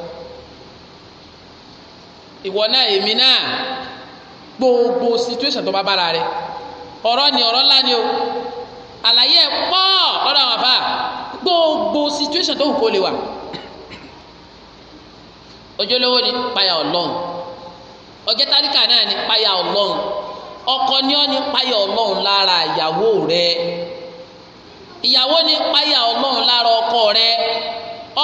ìwọ náà èmi náà gbogbo situation tó bá bára rẹ ọ̀rọ̀ ni ọ̀rọ̀ ńlá ni o àlàyé ẹ̀ pọ̀ lọ́dọ̀ àwọn àbá gbogbo situation tó kù kó lè wà ojúlówó ni páyà ọlọ́run ọjẹ́ tálíkà náà ni páyà ọlọ́run ọkọ ni ọ́ ni páyà ọlọ́run lára ìyàwó rẹ ìyàwó ni páyà ọlọ́run lára ọkọ rẹ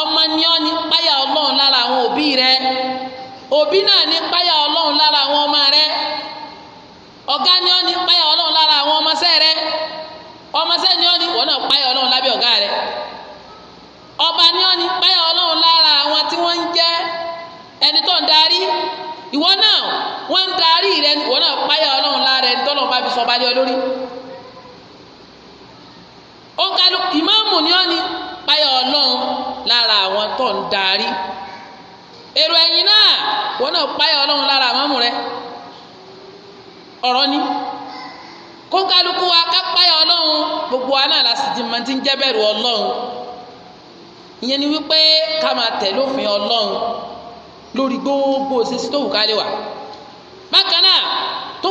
ọmọ ni ọ́ ni páyà ọlọ́run lára àwọn òbí rẹ obi náà ní páyà ọlọ́run lára àwọn ọmọ rẹ ọ̀gá ni ó ní páyà ọlọ́run lára àwọn ọmọọṣẹ́ rẹ ọmọọṣẹ́ ni ó ní wọ́n náà páyà ọlọ́run lábẹ́ ọ̀gá rẹ ọba ni ó ní páyà ọlọ́run lára àwọn tí ẹni tó ń darí ìwọ náà wọ́n ń darí rẹ ìwọ náà páyà ọlọ́run lára ẹni tó lọ́n bá fi sọ ó ń kálukú eru ẹ̀yìn náà wọn náà páyà ọlọ́run lára àmọ́mù rẹ ọ̀rọ̀ ni kóńkálukú wa ká gbogbo wa náà láti ti máa ń jẹ́bẹ̀rù ọlọ́run ìyẹn ni wípé ká máa tẹ̀lé òfin ọlọ́run lórí gbogbo òṣèṣì tó wù ká lè wà bákan náà tó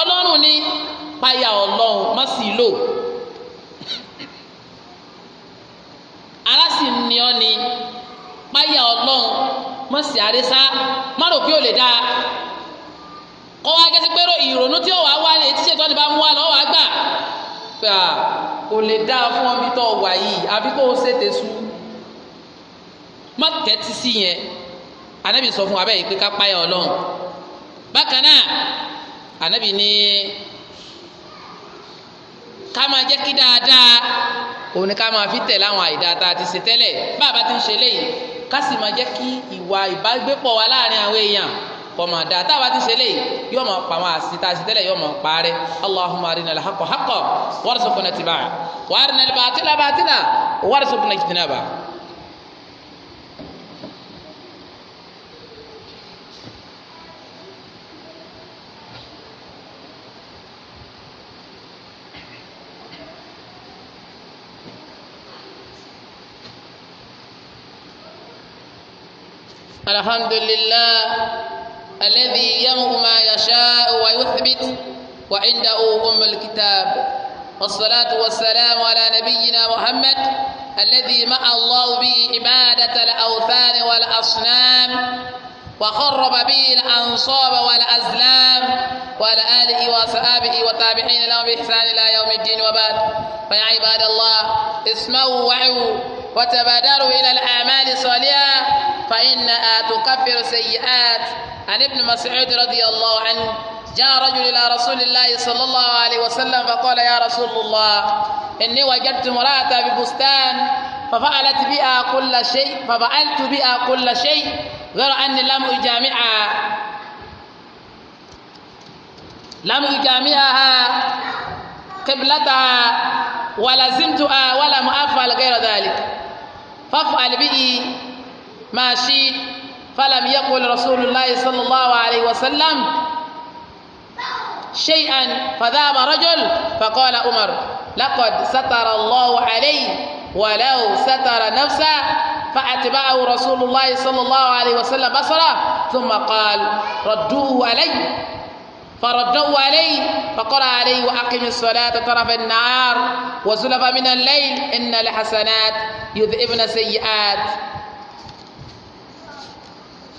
ọlọ́run ni ọlọ́run má sì lò páyà ọlọ́run mọ̀ sí àrísá má rò pé ó lè dáa kọ́ wa gẹ́sí pé ìrònú tí ó wàá wá lè tí ṣètò ìbá mú wa lọ́wọ́ wàá gbà pé à kò lè dáa fún ọ tó wà yìí àbí kó o ṣètè sú má tẹ́tí sí yẹn anabi sọ fún wa bẹ́ẹ̀ pé ká páyà ọlọ́run bákan náà anabi ní ká máa jẹ́ kí dáadáa òun ni ká máa fi tẹ̀ láwọn àìdáa tá a ti ṣe tẹ́lẹ̀ bá a bá ti ń ṣe léyìí ká sì máa jẹ́ kí ìwà ìbágbépọ̀ wa láàrin àwọn èèyàn kọ́ máa dáa tá a bá ti ṣe léyìí yóò máa pa àwọn àṣìta àṣìtẹ́lẹ̀ yóò máa parẹ́ allahumma arina alhaqa haqqan warzuqna ittiba'ah wa arina albatila batila warzuqna ijtinabah. الحمد لله الذي يمغ ما يشاء ويثبت وعنده أم الكتاب والصلاة والسلام على نبينا محمد الذي مع الله به عبادة الأوثان والأصنام وخرب به الأنصاب والأزلام وعلى آله وصحابه وتابعين لهم بإحسان إلى يوم الدين وبعد فيا عباد الله اسمعوا وعوا وتبادروا إلى الأعمال الصالحة فإنها تكفر سيئات عن ابن مسعود رضي الله عنه جاء رجل إلى رسول الله صلى الله عليه وسلم فقال يا رسول الله إني وجدت امرأة ببستان ففعلت بها كل شيء ففعلت بها كل شيء غير أني لم أجامعها لم أجامعها قبلتها ولزمتها ولم أفعل غير ذلك فافعل به ما شئت فلم يقل رسول الله صلى الله عليه وسلم شيئا فذهب رجل فقال عمر لقد ستر الله عليه ولو ستر نفسه فأتبعه رسول الله صلى الله عليه وسلم بصره ثم قال ردوه علي فردوه علي فقرأ عليه وأقم الصلاة طرف النهار وزلف من الليل إن الحسنات يذئبن سيئات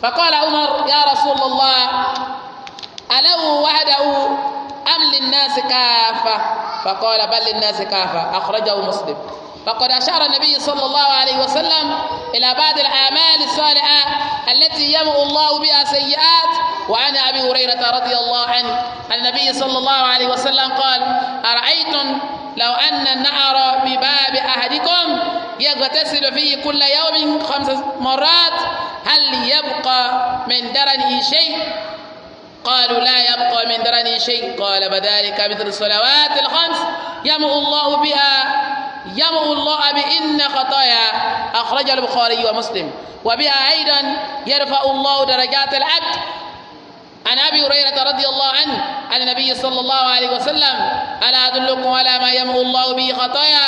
فقال عمر يا رسول الله ألو وعده أم للناس كافة فقال بل للناس كافة أخرجه مسلم فقد أشار النبي صلى الله عليه وسلم إلى بعض الأعمال الصالحة التي يمحو الله بها سيئات وعن أبي هريرة رضي الله عنه النبي صلى الله عليه وسلم قال أرأيتم لو أن النهر بباب أحدكم يغتسل فيه كل يوم خمس مرات هل يبقى من درنه شيء قالوا لا يبقى من درنه شيء قال فذلك مثل الصلوات الخمس يمحو الله بها يمغ الله بإن خطايا أخرج البخاري ومسلم وبها أيضا يرفع الله درجات العبد عن ابي هريره رضي الله عنه عن النبي صلى الله عليه وسلم الا ادلكم على ما يمحو الله به خطايا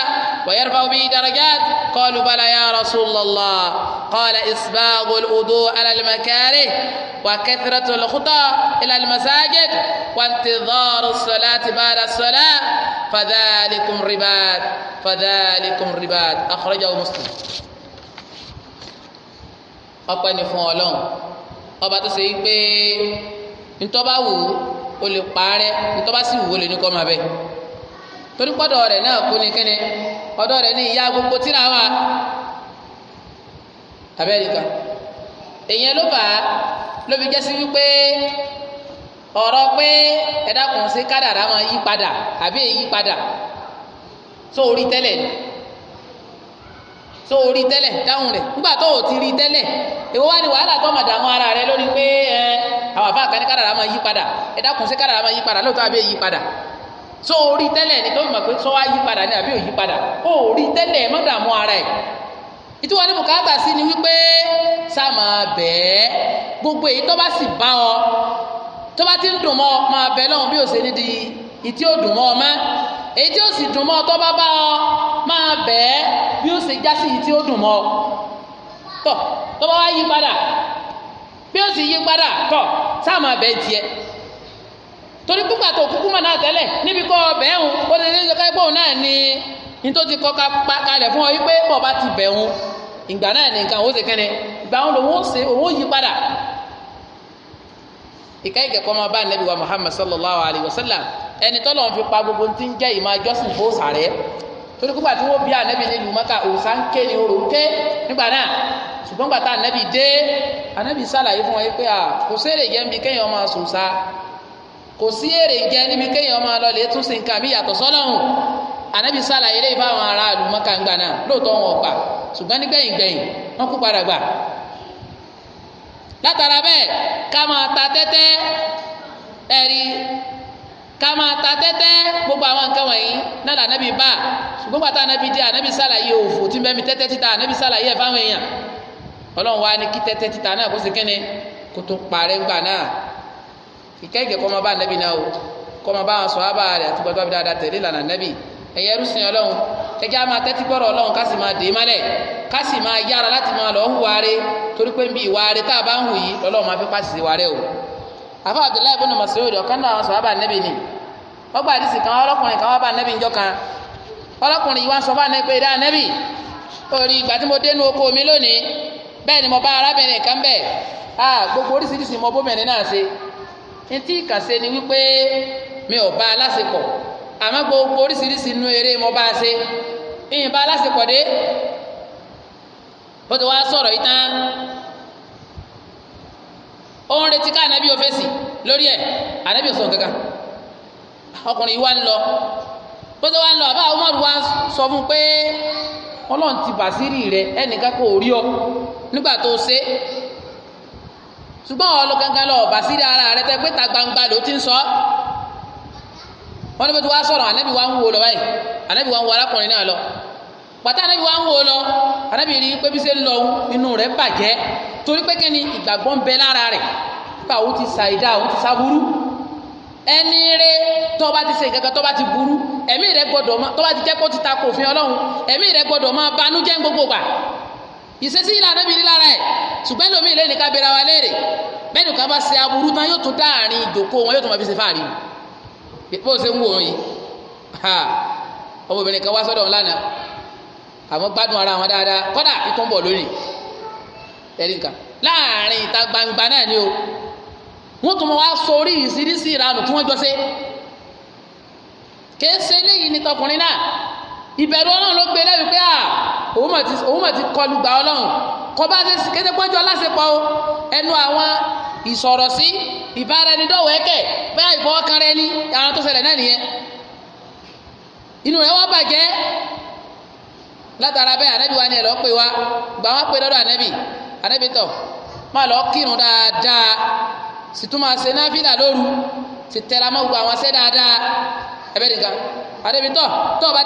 ويرفع به درجات قالوا بلى يا رسول الله قال اصباغ الوضوء على المكاره وكثره الخطى الى المساجد وانتظار الصلاه بعد الصلاه فذلكم رباط فذلكم رباط اخرجه مسلم ọpẹ́ ni fún Ọlọ́run ọba tó ṣe pé ntọ́ba wò ó o lè parẹ́ ntọ́ba sì wò ó lè ní kọ́ máa bẹ̀ torí pọ́dọ̀ rẹ̀ náà kú ni kíni ọ̀dọ̀ rẹ̀ ní ìyá gbogbo tíra wa abẹ́rẹ́ka èèyàn ló fà á ló fi jẹ́sí wípé ọ̀rọ̀ pé ẹ̀dá kùn sí kádàrá máa yí padà àbí èyí padà sóorí tẹ́lẹ̀ ni so orí tẹ́lẹ̀ dáhùn rẹ̀ nígbà tó o ti rí tẹ́lẹ̀ èwo wá ní wàhálà tó máa dààmú ara rẹ lórí pé ẹ àwọn àbá àkànní kádàrá máa yí padà ẹ dákun sí kádàrá máa yí padà lóòótọ́ àbí èyí padà so orí tẹ́lẹ̀ ni tó mọ̀ pé sọ wá yí padà ni àbí òyí padà o orí tẹ́lẹ̀ má dààmú ara ẹ̀ ìtúwọ́n ní bùkátà sí ni wípé sá máa bẹ́ẹ̀ gbogbo èyí tó bá sì bá ọ tó bá ti ń dùn mọ́ ọ máa bẹ́ẹ̀ lọ́hùn bí ó máa bẹ́ẹ̀ bí ó ṣe já sí yìí tí ó dùn mọ́ ọ tó bá wá yí padà bí ó sì yí padà tọ̀ sáà máa bẹ́ẹ̀ tiẹ̀ torí pípa tó kúkú mọ̀ náà tẹ́lẹ̀ níbi kọ́ ọbẹ̀ ń ó lè lọ́kẹ́ náà ni ti kọ́ kalẹ̀ fún ọ yí pé bá ti ìgbà náà nǹkan òun wa sallallahu wa sallam ẹni tọ́lọ́ fi pa gbogbo ti ń jẹ́ ìmọ̀ torí kúgbà tí wọ́n bí ànábì nílùú mọ́kà òòsà ń ké ni orò ń ké nígbà náà ṣùgbọ́n gbà tá ànábì dé ànábì sàlàyé fún wọn pé à kò sí èrè jẹ́ níbi kéèyàn máa sùn sa kò sí èrè jẹ́ níbi kéèyàn máa lọ lè tún sí nǹkan mi yàtọ̀ sọ́lọ́hùn ànábì sàlàyé lè bá àwọn ará ìlú mọ́kà náà lóòótọ́ wọn gbà ṣùgbọ́n nígbẹ̀yìn gbẹ̀yìn wọ́n kú padà gbà látara bẹ́ẹ̀ ká máa ta tẹ́tẹ́ ẹ̀rí kama máa gbogbo àwọn nǹkan wọ̀nyí náà là ànábì bá ṣùgbọ́n pàtó anabi dé ànábì sàlàyé òfò tí bẹ́ẹ̀ mi tẹ́tẹ́ títa anabi sàlàyé ẹ̀ fáwọn èèyàn ọlọ́run wa ní kí tẹ́tẹ́ títa náà kó sì kíni kó tó parẹ́ gbà náà ìkẹ́kẹ́ kọ́ bá o kọ́ máa bá àwọn sọ̀hábà rẹ̀ àti gbọ́dọ̀ bí dáadáa tẹ̀lé ìlànà ẹ̀yẹ ọlọ́run máa tẹ́tí gbọ́rọ̀ ọlọ́run ká sì máa dè é mọ́lẹ̀ ká sì máa yára láti máa lọ́ọ́ torí pé àfa Abdullahi ibn Mas'ud ọkan náà àwọn sọ̀rọ̀ bá nẹ́bì ni wọ́n gba kan ọlọkùnrin kan wọ́n bá nẹ́bì njọ kan ọlọkùnrin yìí wá ń sọ bá nẹ́bì pé dáa nẹ́bì orí ìgbà tí mo dénú oko mi lónìí ni mo bá arábìnrin kan a gbogbo oríṣiríṣi mo náà ṣe etí ìkàṣe ni wípé mi ò bá a lásìkò gbogbo oríṣiríṣi inú eré mo bá a ṣe ìyìnbá lásìkò dé ti wá yìí tán ó ń retí ká ànábì òfèsì lórí ẹ̀ ànábì ò sọ kankan ọkùnrin yìí wá ń lọ bó ṣe wá ń lọ àbá Umar wá sọ fún pé ọlọ́run ti bàṣírí rẹ ẹnìkan kò rí ọ nígbà tó ṣe ṣùgbọ́n ọlọ́ kankan lọ bàṣírí ara rẹ tẹ pé ta gbangba ló ti ń sọ wọn ní bó ti wá sọ̀rọ̀ ànábì wá ń wo lọ báyìí ànábì wá ń wo arákùnrin náà lọ pàtà anabi wa ń wo lọ anabi rí i pé bí ṣe ń lọ inú rẹ̀ bàjẹ́ torí pé kíni ìgbàgbọ́ ń bẹ lára rẹ̀ pé àwọn ti ṣàìdá àwọn ti ṣàbúrú ẹni rẹ̀ tọ́ba ti ṣe nǹkan kan tọ́ba ti burú ẹ̀mí rẹ̀ gbọ́dọ̀ máa tọ́ba ti jẹ́ kó ti ta kò fi ọlọ́run ẹ̀mí rẹ̀ gbọ́dọ̀ máa banújẹ́ gbogbo gbà ìṣesí yìí lànà bìrì lára ẹ̀ ṣùgbọ́n lómi ìlẹ́yìn nìkan bẹ̀rẹ̀ wa léèrè bẹ́ẹ̀ nìkan bá ṣe aburú tán yóò tún dáàrin ìjòkó wọn yóò tún máa fi ṣe fáàrí bó ṣe ń wò ó yìí ọmọbìnrin kan wá sọ́dọ̀ ńlá náà àwọn gbádùn ara wọn dáadáa kọ́dà ìtọ́ ń bọ̀ lónìí ẹ̀rí nǹkan láàrin ìta gbangba náà ni o wọ́n tún mọ wá sórí ìsirísi ìranù tí wọ́n jọ ṣe kéésì eléyìí ni tọkùnrin náà ìbẹ̀rù ọlọ́run ló gbé lẹ́yìn pé à òun mà ti kọlu gbà ọlọ́run kọ bá ṣe kété pọ́njọ́ aláṣepọ̀ o ẹnu àwọn ìsọ̀rọ̀ sí ìbáraẹnidọ́wọ̀ ẹ̀kẹ́ bẹ́ẹ̀ ìfọwọ́kan rẹ àwọn tó ṣẹlẹ̀ náà nìyẹn inú rẹ wọ́n bàjẹ́ látara bẹ́ẹ̀ anabi wa ni ẹ lọ pé wa gbà wá pé lọ́dọ̀ anabi anabi tọ̀ máa lọ kírun dáadáa sì tún máa ṣe lóru sì gbogbo àwọn dáadáa anabi tọ̀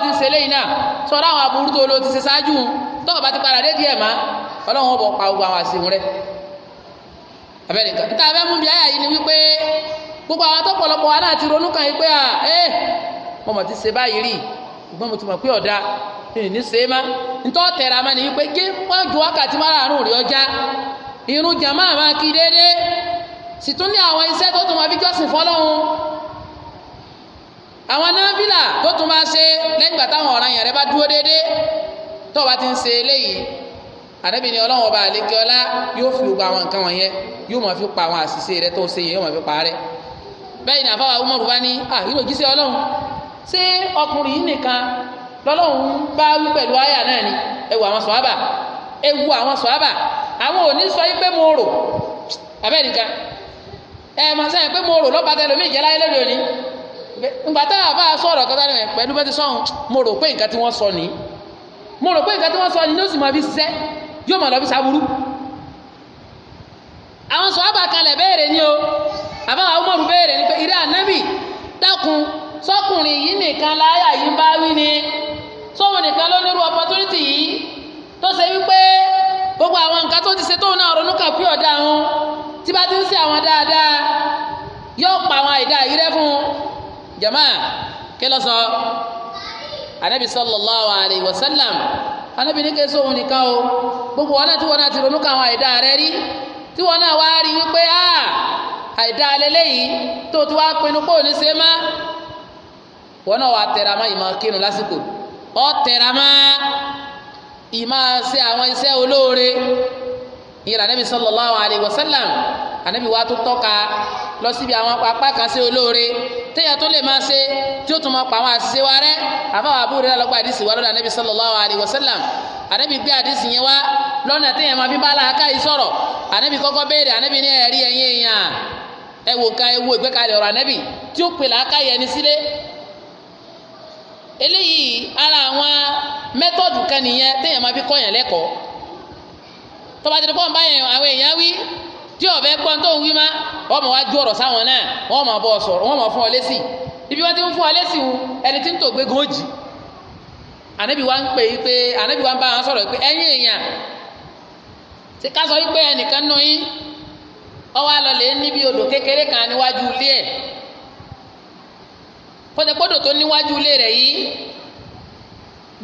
ti ń ṣe náà àwọn aburú tó lo ti ṣe ṣáájú tọ́ ti padà dé díẹ̀ má ọlọ́run ó bọ̀ pa gbogbo ní sèémá ntọ́ tẹ̀ra ma nìyí pé gé wọ́n ju wákàtí márààrún rí ọjà irun jàmá kí ní àwọn iṣẹ́ tó tún máa fi jọ́sìn àwọn tó tún máa ṣe lẹ́yìn ọlọ́wọ́n ọba àlékè ọlá yóò fi gbogbo àwọn nǹkan wọ̀nyẹn yóò máa fi pa àwọn àṣìṣe rẹ tó ṣe yẹn yóò fi pa rẹ bẹ́ẹ̀ ni àfáwà lọ́lọ́run bá wí pẹ̀lú àyà náà ni ẹ wo àwọn sọ̀hábà ẹ wo àwọn sọ̀hábà àwọn ò ní sọ yí pé mo rò abẹ́ nìkan ẹ mọ̀ sẹ́yìn pé mo rò lọ́ba tẹlomi ìjẹ́ láyé lóde òní ìgbà táwọn àbá sọ̀rọ̀ kọ́tà ni pẹ̀lú bẹ́ẹ̀ ti sọ̀hún mo rò pé nǹkan tí wọ́n sọ nìyí mo rò pé nǹkan tí wọ́n sọ nìyí ló sì máa fi ṣiṣẹ́ yóò máa lọ fi ṣàbúrú àwọn sọ̀hábà kalẹ̀ béèrè ni o àbáwọn Umaru béèrè ni pé ìrẹ́ ànábì dákun sọ́kùnrin yìí nìkan láyà yìí bá wí ni. sóhun nìkan ló nírú opportunity yìí tó ṣe wípé gbogbo àwọn nǹkan tó ti ṣe tóun náà ronú kàn pé ọ̀dà tí bá ti ń ṣe àwọn dáadáa yóò fún jama kí sọ anabi sallallahu alayhi wa sallam anabi ní nìkan o gbogbo wọn náà tí wọn náà ti ronú kàn àwọn àìdá rẹ rí tí wọn náà wá rí wípé a àìdá alẹ́lẹ́ yìí tó ti wá pinnu kó o ní ọ̀tẹ̀ramá ìmáa ṣe àwọn iṣẹ́ olóore ìyẹn anabi sallallahu alayhi wa sallam anabi wa tó tọ́ka lọ síbi àwọn apá kan ṣe olóore téèyàn tó lè máa ṣe tí ó tún máa pa àwọn àṣìṣe wa rẹ àfàwọn àbúrò rẹ lọgbà àdìsí wa lọ́dọ̀ anabi sallallahu alayhi wa sallam anabi gbé àdìsí yẹn wá lọ́nà téèyàn máa fi bá làákà yìí sọ̀rọ̀ anabi kọ́kọ́ béèrè anabi ní ẹ̀rí ẹ̀yìn èèyàn ẹ wò ká ẹ wò ọ̀rọ̀ eléyìí ara àwọn metọdụ kan nìyẹn téèyàn máa fi kọ́ yẹn lẹ́kọ̀ọ́ tọ́ba tẹ̀lé pọ́ǹba yẹn àwọn èèyàn wí tí ju ọrọ sáwọn náà máa ọ sọ̀rọ̀ máa ọ ibi ti ń fún ọ wù ẹni tí ń tò gbégun ó jì wa ń pè é pé ànábì wa ń bá wọn sọ̀rọ̀ pé ẹ̀yin èèyàn ti ká sọ wípé ẹnìkan nù yín ọwọ́ àlọ́ lè odò kékeré kan níwájú pọ́tẹ́pọ́tò tó níwájú ilé rẹ yìí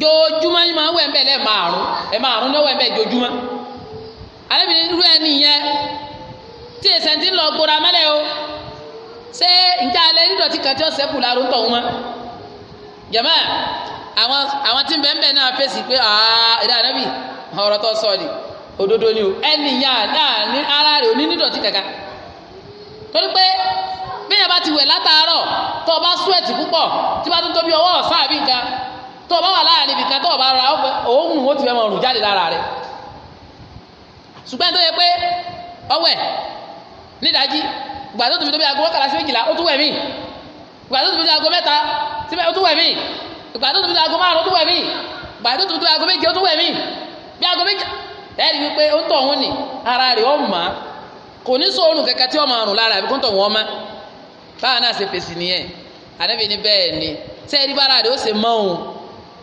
jojúmọ́ ni máa wẹ̀ ń bẹ̀ lẹ́ẹ̀ márùn ẹ̀ márùn ni ó wẹ̀ ń bẹ̀ jojúmọ́ alábìnrin irú ẹ nìyẹn tí èsẹ̀ ti ń lọ gbóra mẹ́lẹ̀ o ṣé njẹ́ alẹ́ nídọ̀tí kan tí ó sẹ́kù lárú tọ̀hún jẹ̀mọ́ àwọn àwọn tí ń ń náà fèsì pé ẹ̀dá anábì ọ̀rọ̀ tó sọ ni òdodo bẹ́ẹ̀ bá ti wẹ̀ látàárọ̀ tó o bá súwẹ̀tì púpọ̀ tí bá tún tóbi ọwọ́ ọ̀sán àbí nǹkan tó o bá wà láàrin ibìkan tó o bá ra òórùn ó ti fẹ́ mọ̀ ọ̀rùn jáde lára rẹ̀ ṣùgbọ́n tó yẹ pé ọwẹ́ nídàájí gbà tó tóbi tóbi aago mọ́kànlá sí méjìlá ó tún wẹ̀ mí gbà tó tóbi aago mẹ́ta síbẹ̀ ó tún wẹ̀ mí gbà tó tóbi aago márùn ó tún wẹ̀ mí gbà tó tóbi aago méje ó tún wẹ̀ mí bí aago méje ẹ̀rí wípé ó ń tọ̀ òun ni ara rẹ̀ ọ̀ mà kò ní sóorùn kẹ̀kẹ́ tí ọ̀ máa rùn lára àbí kó ń tọ̀ wọ́n máa báwa náà ṣe fèsì nìyẹn ànábì ní bẹ́ẹ̀ ni sẹ́ẹ̀rí bára rẹ̀ ó ṣe mọ́ òun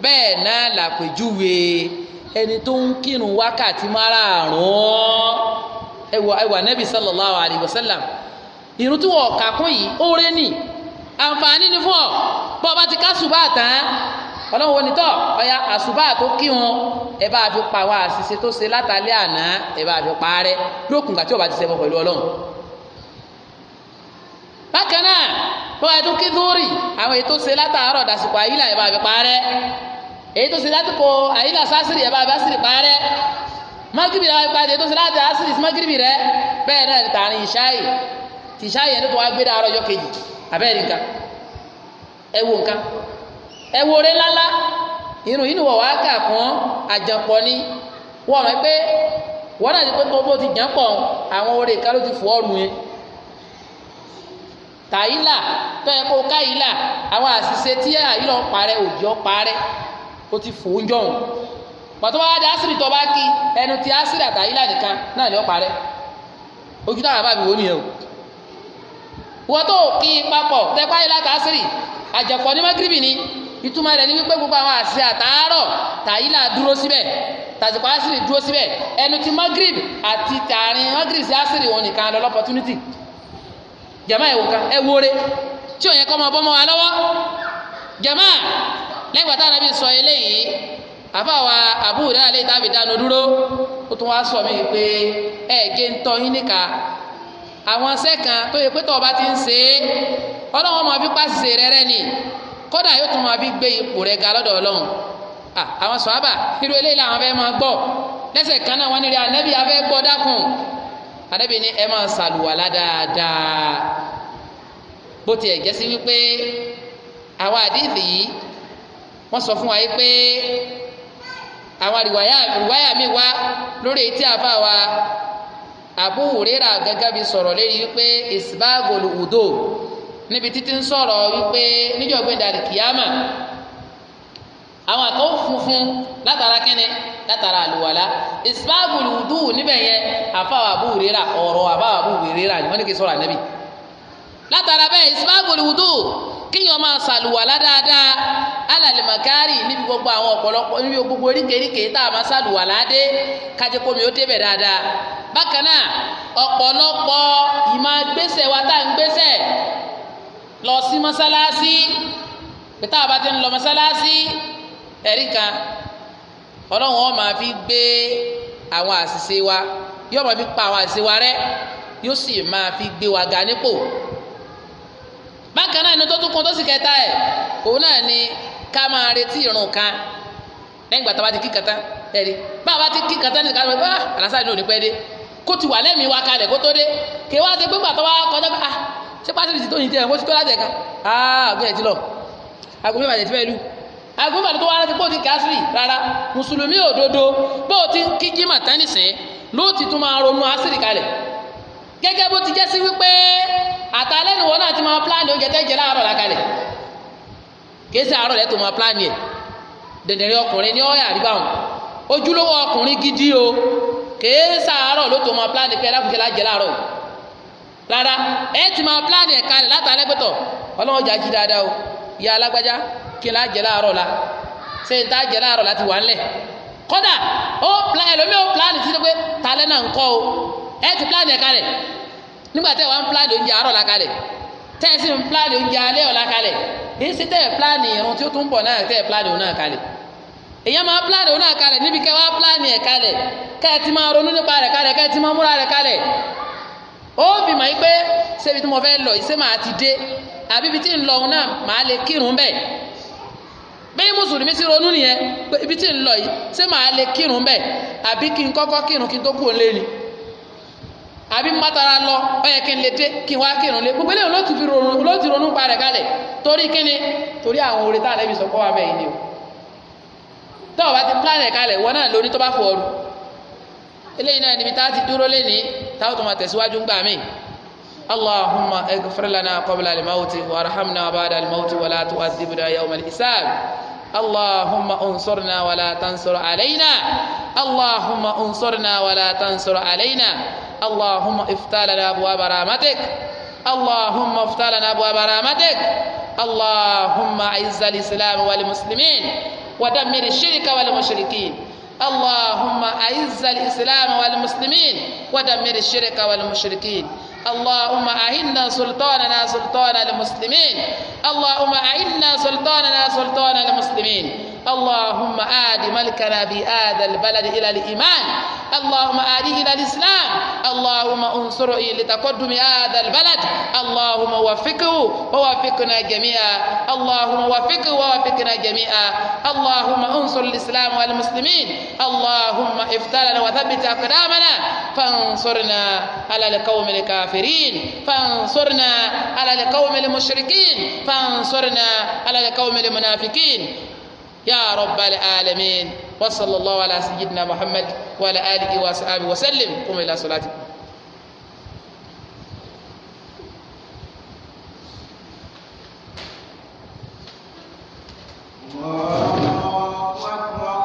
bẹ́ẹ̀ náà làpèjúwe ẹni tó ń kírun wákàtí márààrún ẹwà ẹwà ànábì sallallahu alayhi wa sallam ìrun tí wọ́n kà kún yìí ó rẹ́ nì àǹfààní ni fún ọ bọ́ ọba ti ká ṣùgbọ́n àtàn ọlọ́run wo ni tọ́ ọ̀ya àṣùbà tó kí wọn ẹ bá fi pa àwọn àṣìṣe tó ṣe látàlẹ́ àná ẹ bá fi pa á rẹ lókùngbà tí ọba ti ṣẹbọ pẹ̀lú ọlọ́run bákan náà bọ́wọ́ ẹ̀ tó kí dúrì àwọn èyí tó ṣe látàárọ̀ dàsìkò àyílà ẹ̀ bá fi parẹ́ èyí ṣe látìkò àyílà sásìrì ẹ̀ bá fi sásìrì parẹ́ magiribi rẹ̀ wáyé pàdé èyí tó ṣe látìkò sásìrì magiribi rẹ̀ bẹ́ẹ̀ náà ní tààrin ìṣáyè tí ìṣáyè ẹni tó wá gbé dàárọ̀ ọjọ́ kejì abẹ́rẹ́ nǹkan ẹ wo nǹkan ẹ wo rẹ lálá irun yìí ni tàyílà tọ́yẹ kó káyílà àwọn àṣìṣe tí àyílọ̀ ń parẹ́ òjò parẹ́ ó ti fò ń jọ̀hún pàtó wá di àṣírí tó bá kí ẹnu ti àṣírí àtàyílà nìkan náà ni ó parẹ́ ojú táwọn bá mi wò nìyẹn o wọ́n tó kí i papọ̀ tẹ́pá yìí láti àṣírí àjẹpọ̀ ní mọ́gírìbì ni ìtumọ̀ rẹ̀ ni wípé gbogbo àwọn àṣìṣe àtàárọ̀ tàyílà dúró síbẹ̀ tàṣìkò àṣírí dúró síbẹ̀ ẹnu ti mọ́gírìbì àti tààrin mọ́gírìbì sí àṣírí wọn nìkan lọ́lọ́pọ̀túnítì jama ẹ wò ká ẹ wóore tí ò yẹ kọ́ ọmọ ọbọ mọ́ wa lọ́wọ́ jama lẹ́yìn wàtá nàbí sọ eléyìí àbáwa àbúrò náà lè tàbí dánu dúró ó tún wá sọ mí pé ẹ gé ń tọ́ yín níka àwọn sẹ́kàn tó yẹ pé tó ọba ti ń ṣe é ọlọ́wọ́n máa fi pàṣẹ rẹ rẹ ni kódà yóò tún máa fi gbé ipò rẹ ga lọ́dọ̀ ọlọ́run àwọn sọ̀hábà irú eléyìí làwọn fẹ́ máa gbọ́ lẹ́sẹ̀ kan náà wọ́n ní rí anábì afẹ́ gbọ́ dákun anabi ni ẹ máa ṣàlùwàlá dáadáa bó tiẹ̀ jẹ́ sí wípé àwọn àdìsí yìí wọ́n sọ fún wa pé àwọn àríwáyà mi wá lórí etí àfa wa Abu gẹ́gẹ́ bí sọ̀rọ̀ lérí wípé ìsìbáàgòlù ùdò níbi títí ń sọ̀rọ̀ wípé níjọ́ gbẹ̀dàlì àwọn àtọ́ funfun látara kẹ́ni látara àlùwàlá ìsìláàmù níbẹ̀ yẹn àfàwà rírà ọ̀rọ̀ àfàwà rírà ni wọ́n ní kí sọ̀rọ̀ ànábì látara bẹ́ẹ̀ ìsìláàmù lùdù kínyàn máa sàlùwàlá dáadáa alàlè màkárì níbi gbogbo àwọn ọ̀pọ̀lọpọ̀ níbi gbogbo oríkèéríkèé tá a máa sàlùwàlá dé kájẹ́ kómi ó débẹ̀ dáadáa bákan náà ọ̀pọ̀lọpọ̀ ìmọ̀ gbèsè wa tá à ń gbèsè lọ sí mọ́sálásí ẹ̀rí kan ọlọ́run ó máa fi gbé àwọn àṣìṣe wa yóò máa fi pa àwọn àṣìṣe wa rẹ́ yóò sì máa fi gbé wa ga nípò bákan náà inú tó tún tó sì kẹta ẹ òun náà ni ká retí kan lẹ́yìn bá ti kí kàtá bá a bá ti kí kàtá ah, ní kàtá pẹ́ dé kó ti wà wa kalẹ̀ kó tó dé kí gbàtọ́ ah ṣé pásítì tó yin ti tó láti ah ti lọ agbóhùnbàdì tó wá láti pò ní kásírì rárá mùsùlùmí òdodo bó o ti ń kí jimá tánisìn ló ti tún máa ronú àṣírí kalẹ̀ gẹ́gẹ́ bó ti jẹ́ sí wípé àtàlẹ́nu náà ti máa pílánì oúnjẹ tẹ́jẹ láàárọ̀ la kalẹ̀ kéésì àárọ̀ rẹ̀ tó máa pílánì ẹ̀ dẹ̀dẹ̀rẹ̀ ọkùnrin ní ọ̀yà àríbá wọn ojúlówó ọkùnrin gidi o kéésì àárọ̀ ló tó máa pílánì pé ẹlẹ́kùnkẹ́ lájẹ láàárọ̀ rárá ẹ ti máa pílánì ẹ̀ kalẹ̀ látàlẹ́gbẹ̀tọ̀ ọlọ́wọ́n jà jí dáadáa o ìyá alágbájá kí n lá la ṣé n tá jẹ láàárọ̀ la ti wà ńlẹ̀ kódà o pla o o pláàni títí pé talẹ́ náà o ẹ ti pláàni ka kalẹ̀ nígbà o wà ń o oúnjẹ la kalẹ̀ tẹ́ ẹ sì o pláàni oúnjẹ o ọ̀la kalẹ̀ èyí sì tẹ́ ẹ pláàni irun o ó tún bọ̀ náà tẹ́ ẹ o òun náà kalẹ̀ èyàn máa pláàni òun náà níbi kẹ́ wá pláàni ẹ̀ kalẹ̀ máa ronú nípa máa múra ó fi mọ̀ pé ṣébi tí mo fẹ́ lọ ìṣe màá ti dé àbí ibi tí ń lọ náà màá lè kírun bẹ́ẹ̀ bí mùsùlùmí ti ronú nìyẹn pé ibi tí ń lọ yìí ṣé màá lè kírun bẹ́ẹ̀ àbí kí n kọ́kọ́ kírun kí n tó kú òun lé ni àbí mọ́tara lọ ó yẹ kí n lè dé kí n wá kírun lé gbogbo eléyìí olóòtú fi ronú olóòtú ronú pa rẹ̀ kalẹ̀ torí kíni torí àwọn oore tá a lẹ́bi sọ́kọ́ wa bẹ́ẹ̀ ni o tọ́ọ̀ bá ti plan ẹ̀ kalẹ̀ wọn náà lóní tó bá fọ ọdún eléyìí náà níbi tá a ti dúró lénìí tá اللهم اغفر لنا قبل الموت وارحمنا بعد الموت ولا تعذبنا يوم الحساب اللهم انصرنا ولا تنصر علينا اللهم انصرنا ولا تنصر علينا اللهم افتالنا ابواب رحمتك اللهم افتالنا ابواب رحمتك اللهم اعز الاسلام والمسلمين ودمر الشرك والمشركين اللهم أعز الإسلام والمسلمين ودمر الشرك والمشركين اللهم أعنا سلطاننا سلطان المسلمين اللهم أعنا سلطاننا سلطان المسلمين اللهم آد ملكنا في هذا البلد إلى الإيمان اللهم آده إلى الإسلام اللهم انصره لتقدم هذا البلد اللهم وفقه ووفقنا جميعا اللهم وفقه ووفقنا جميعا اللهم انصر الإسلام والمسلمين اللهم افتلنا وثبت أقدامنا فانصرنا على القوم الكافرين فانصرنا على القوم المشركين فانصرنا على القوم المنافقين يا رب العالمين وصلى الله على سيدنا محمد وعلى آله وصحبه وسلم قم إلى صلاتك الله أكبر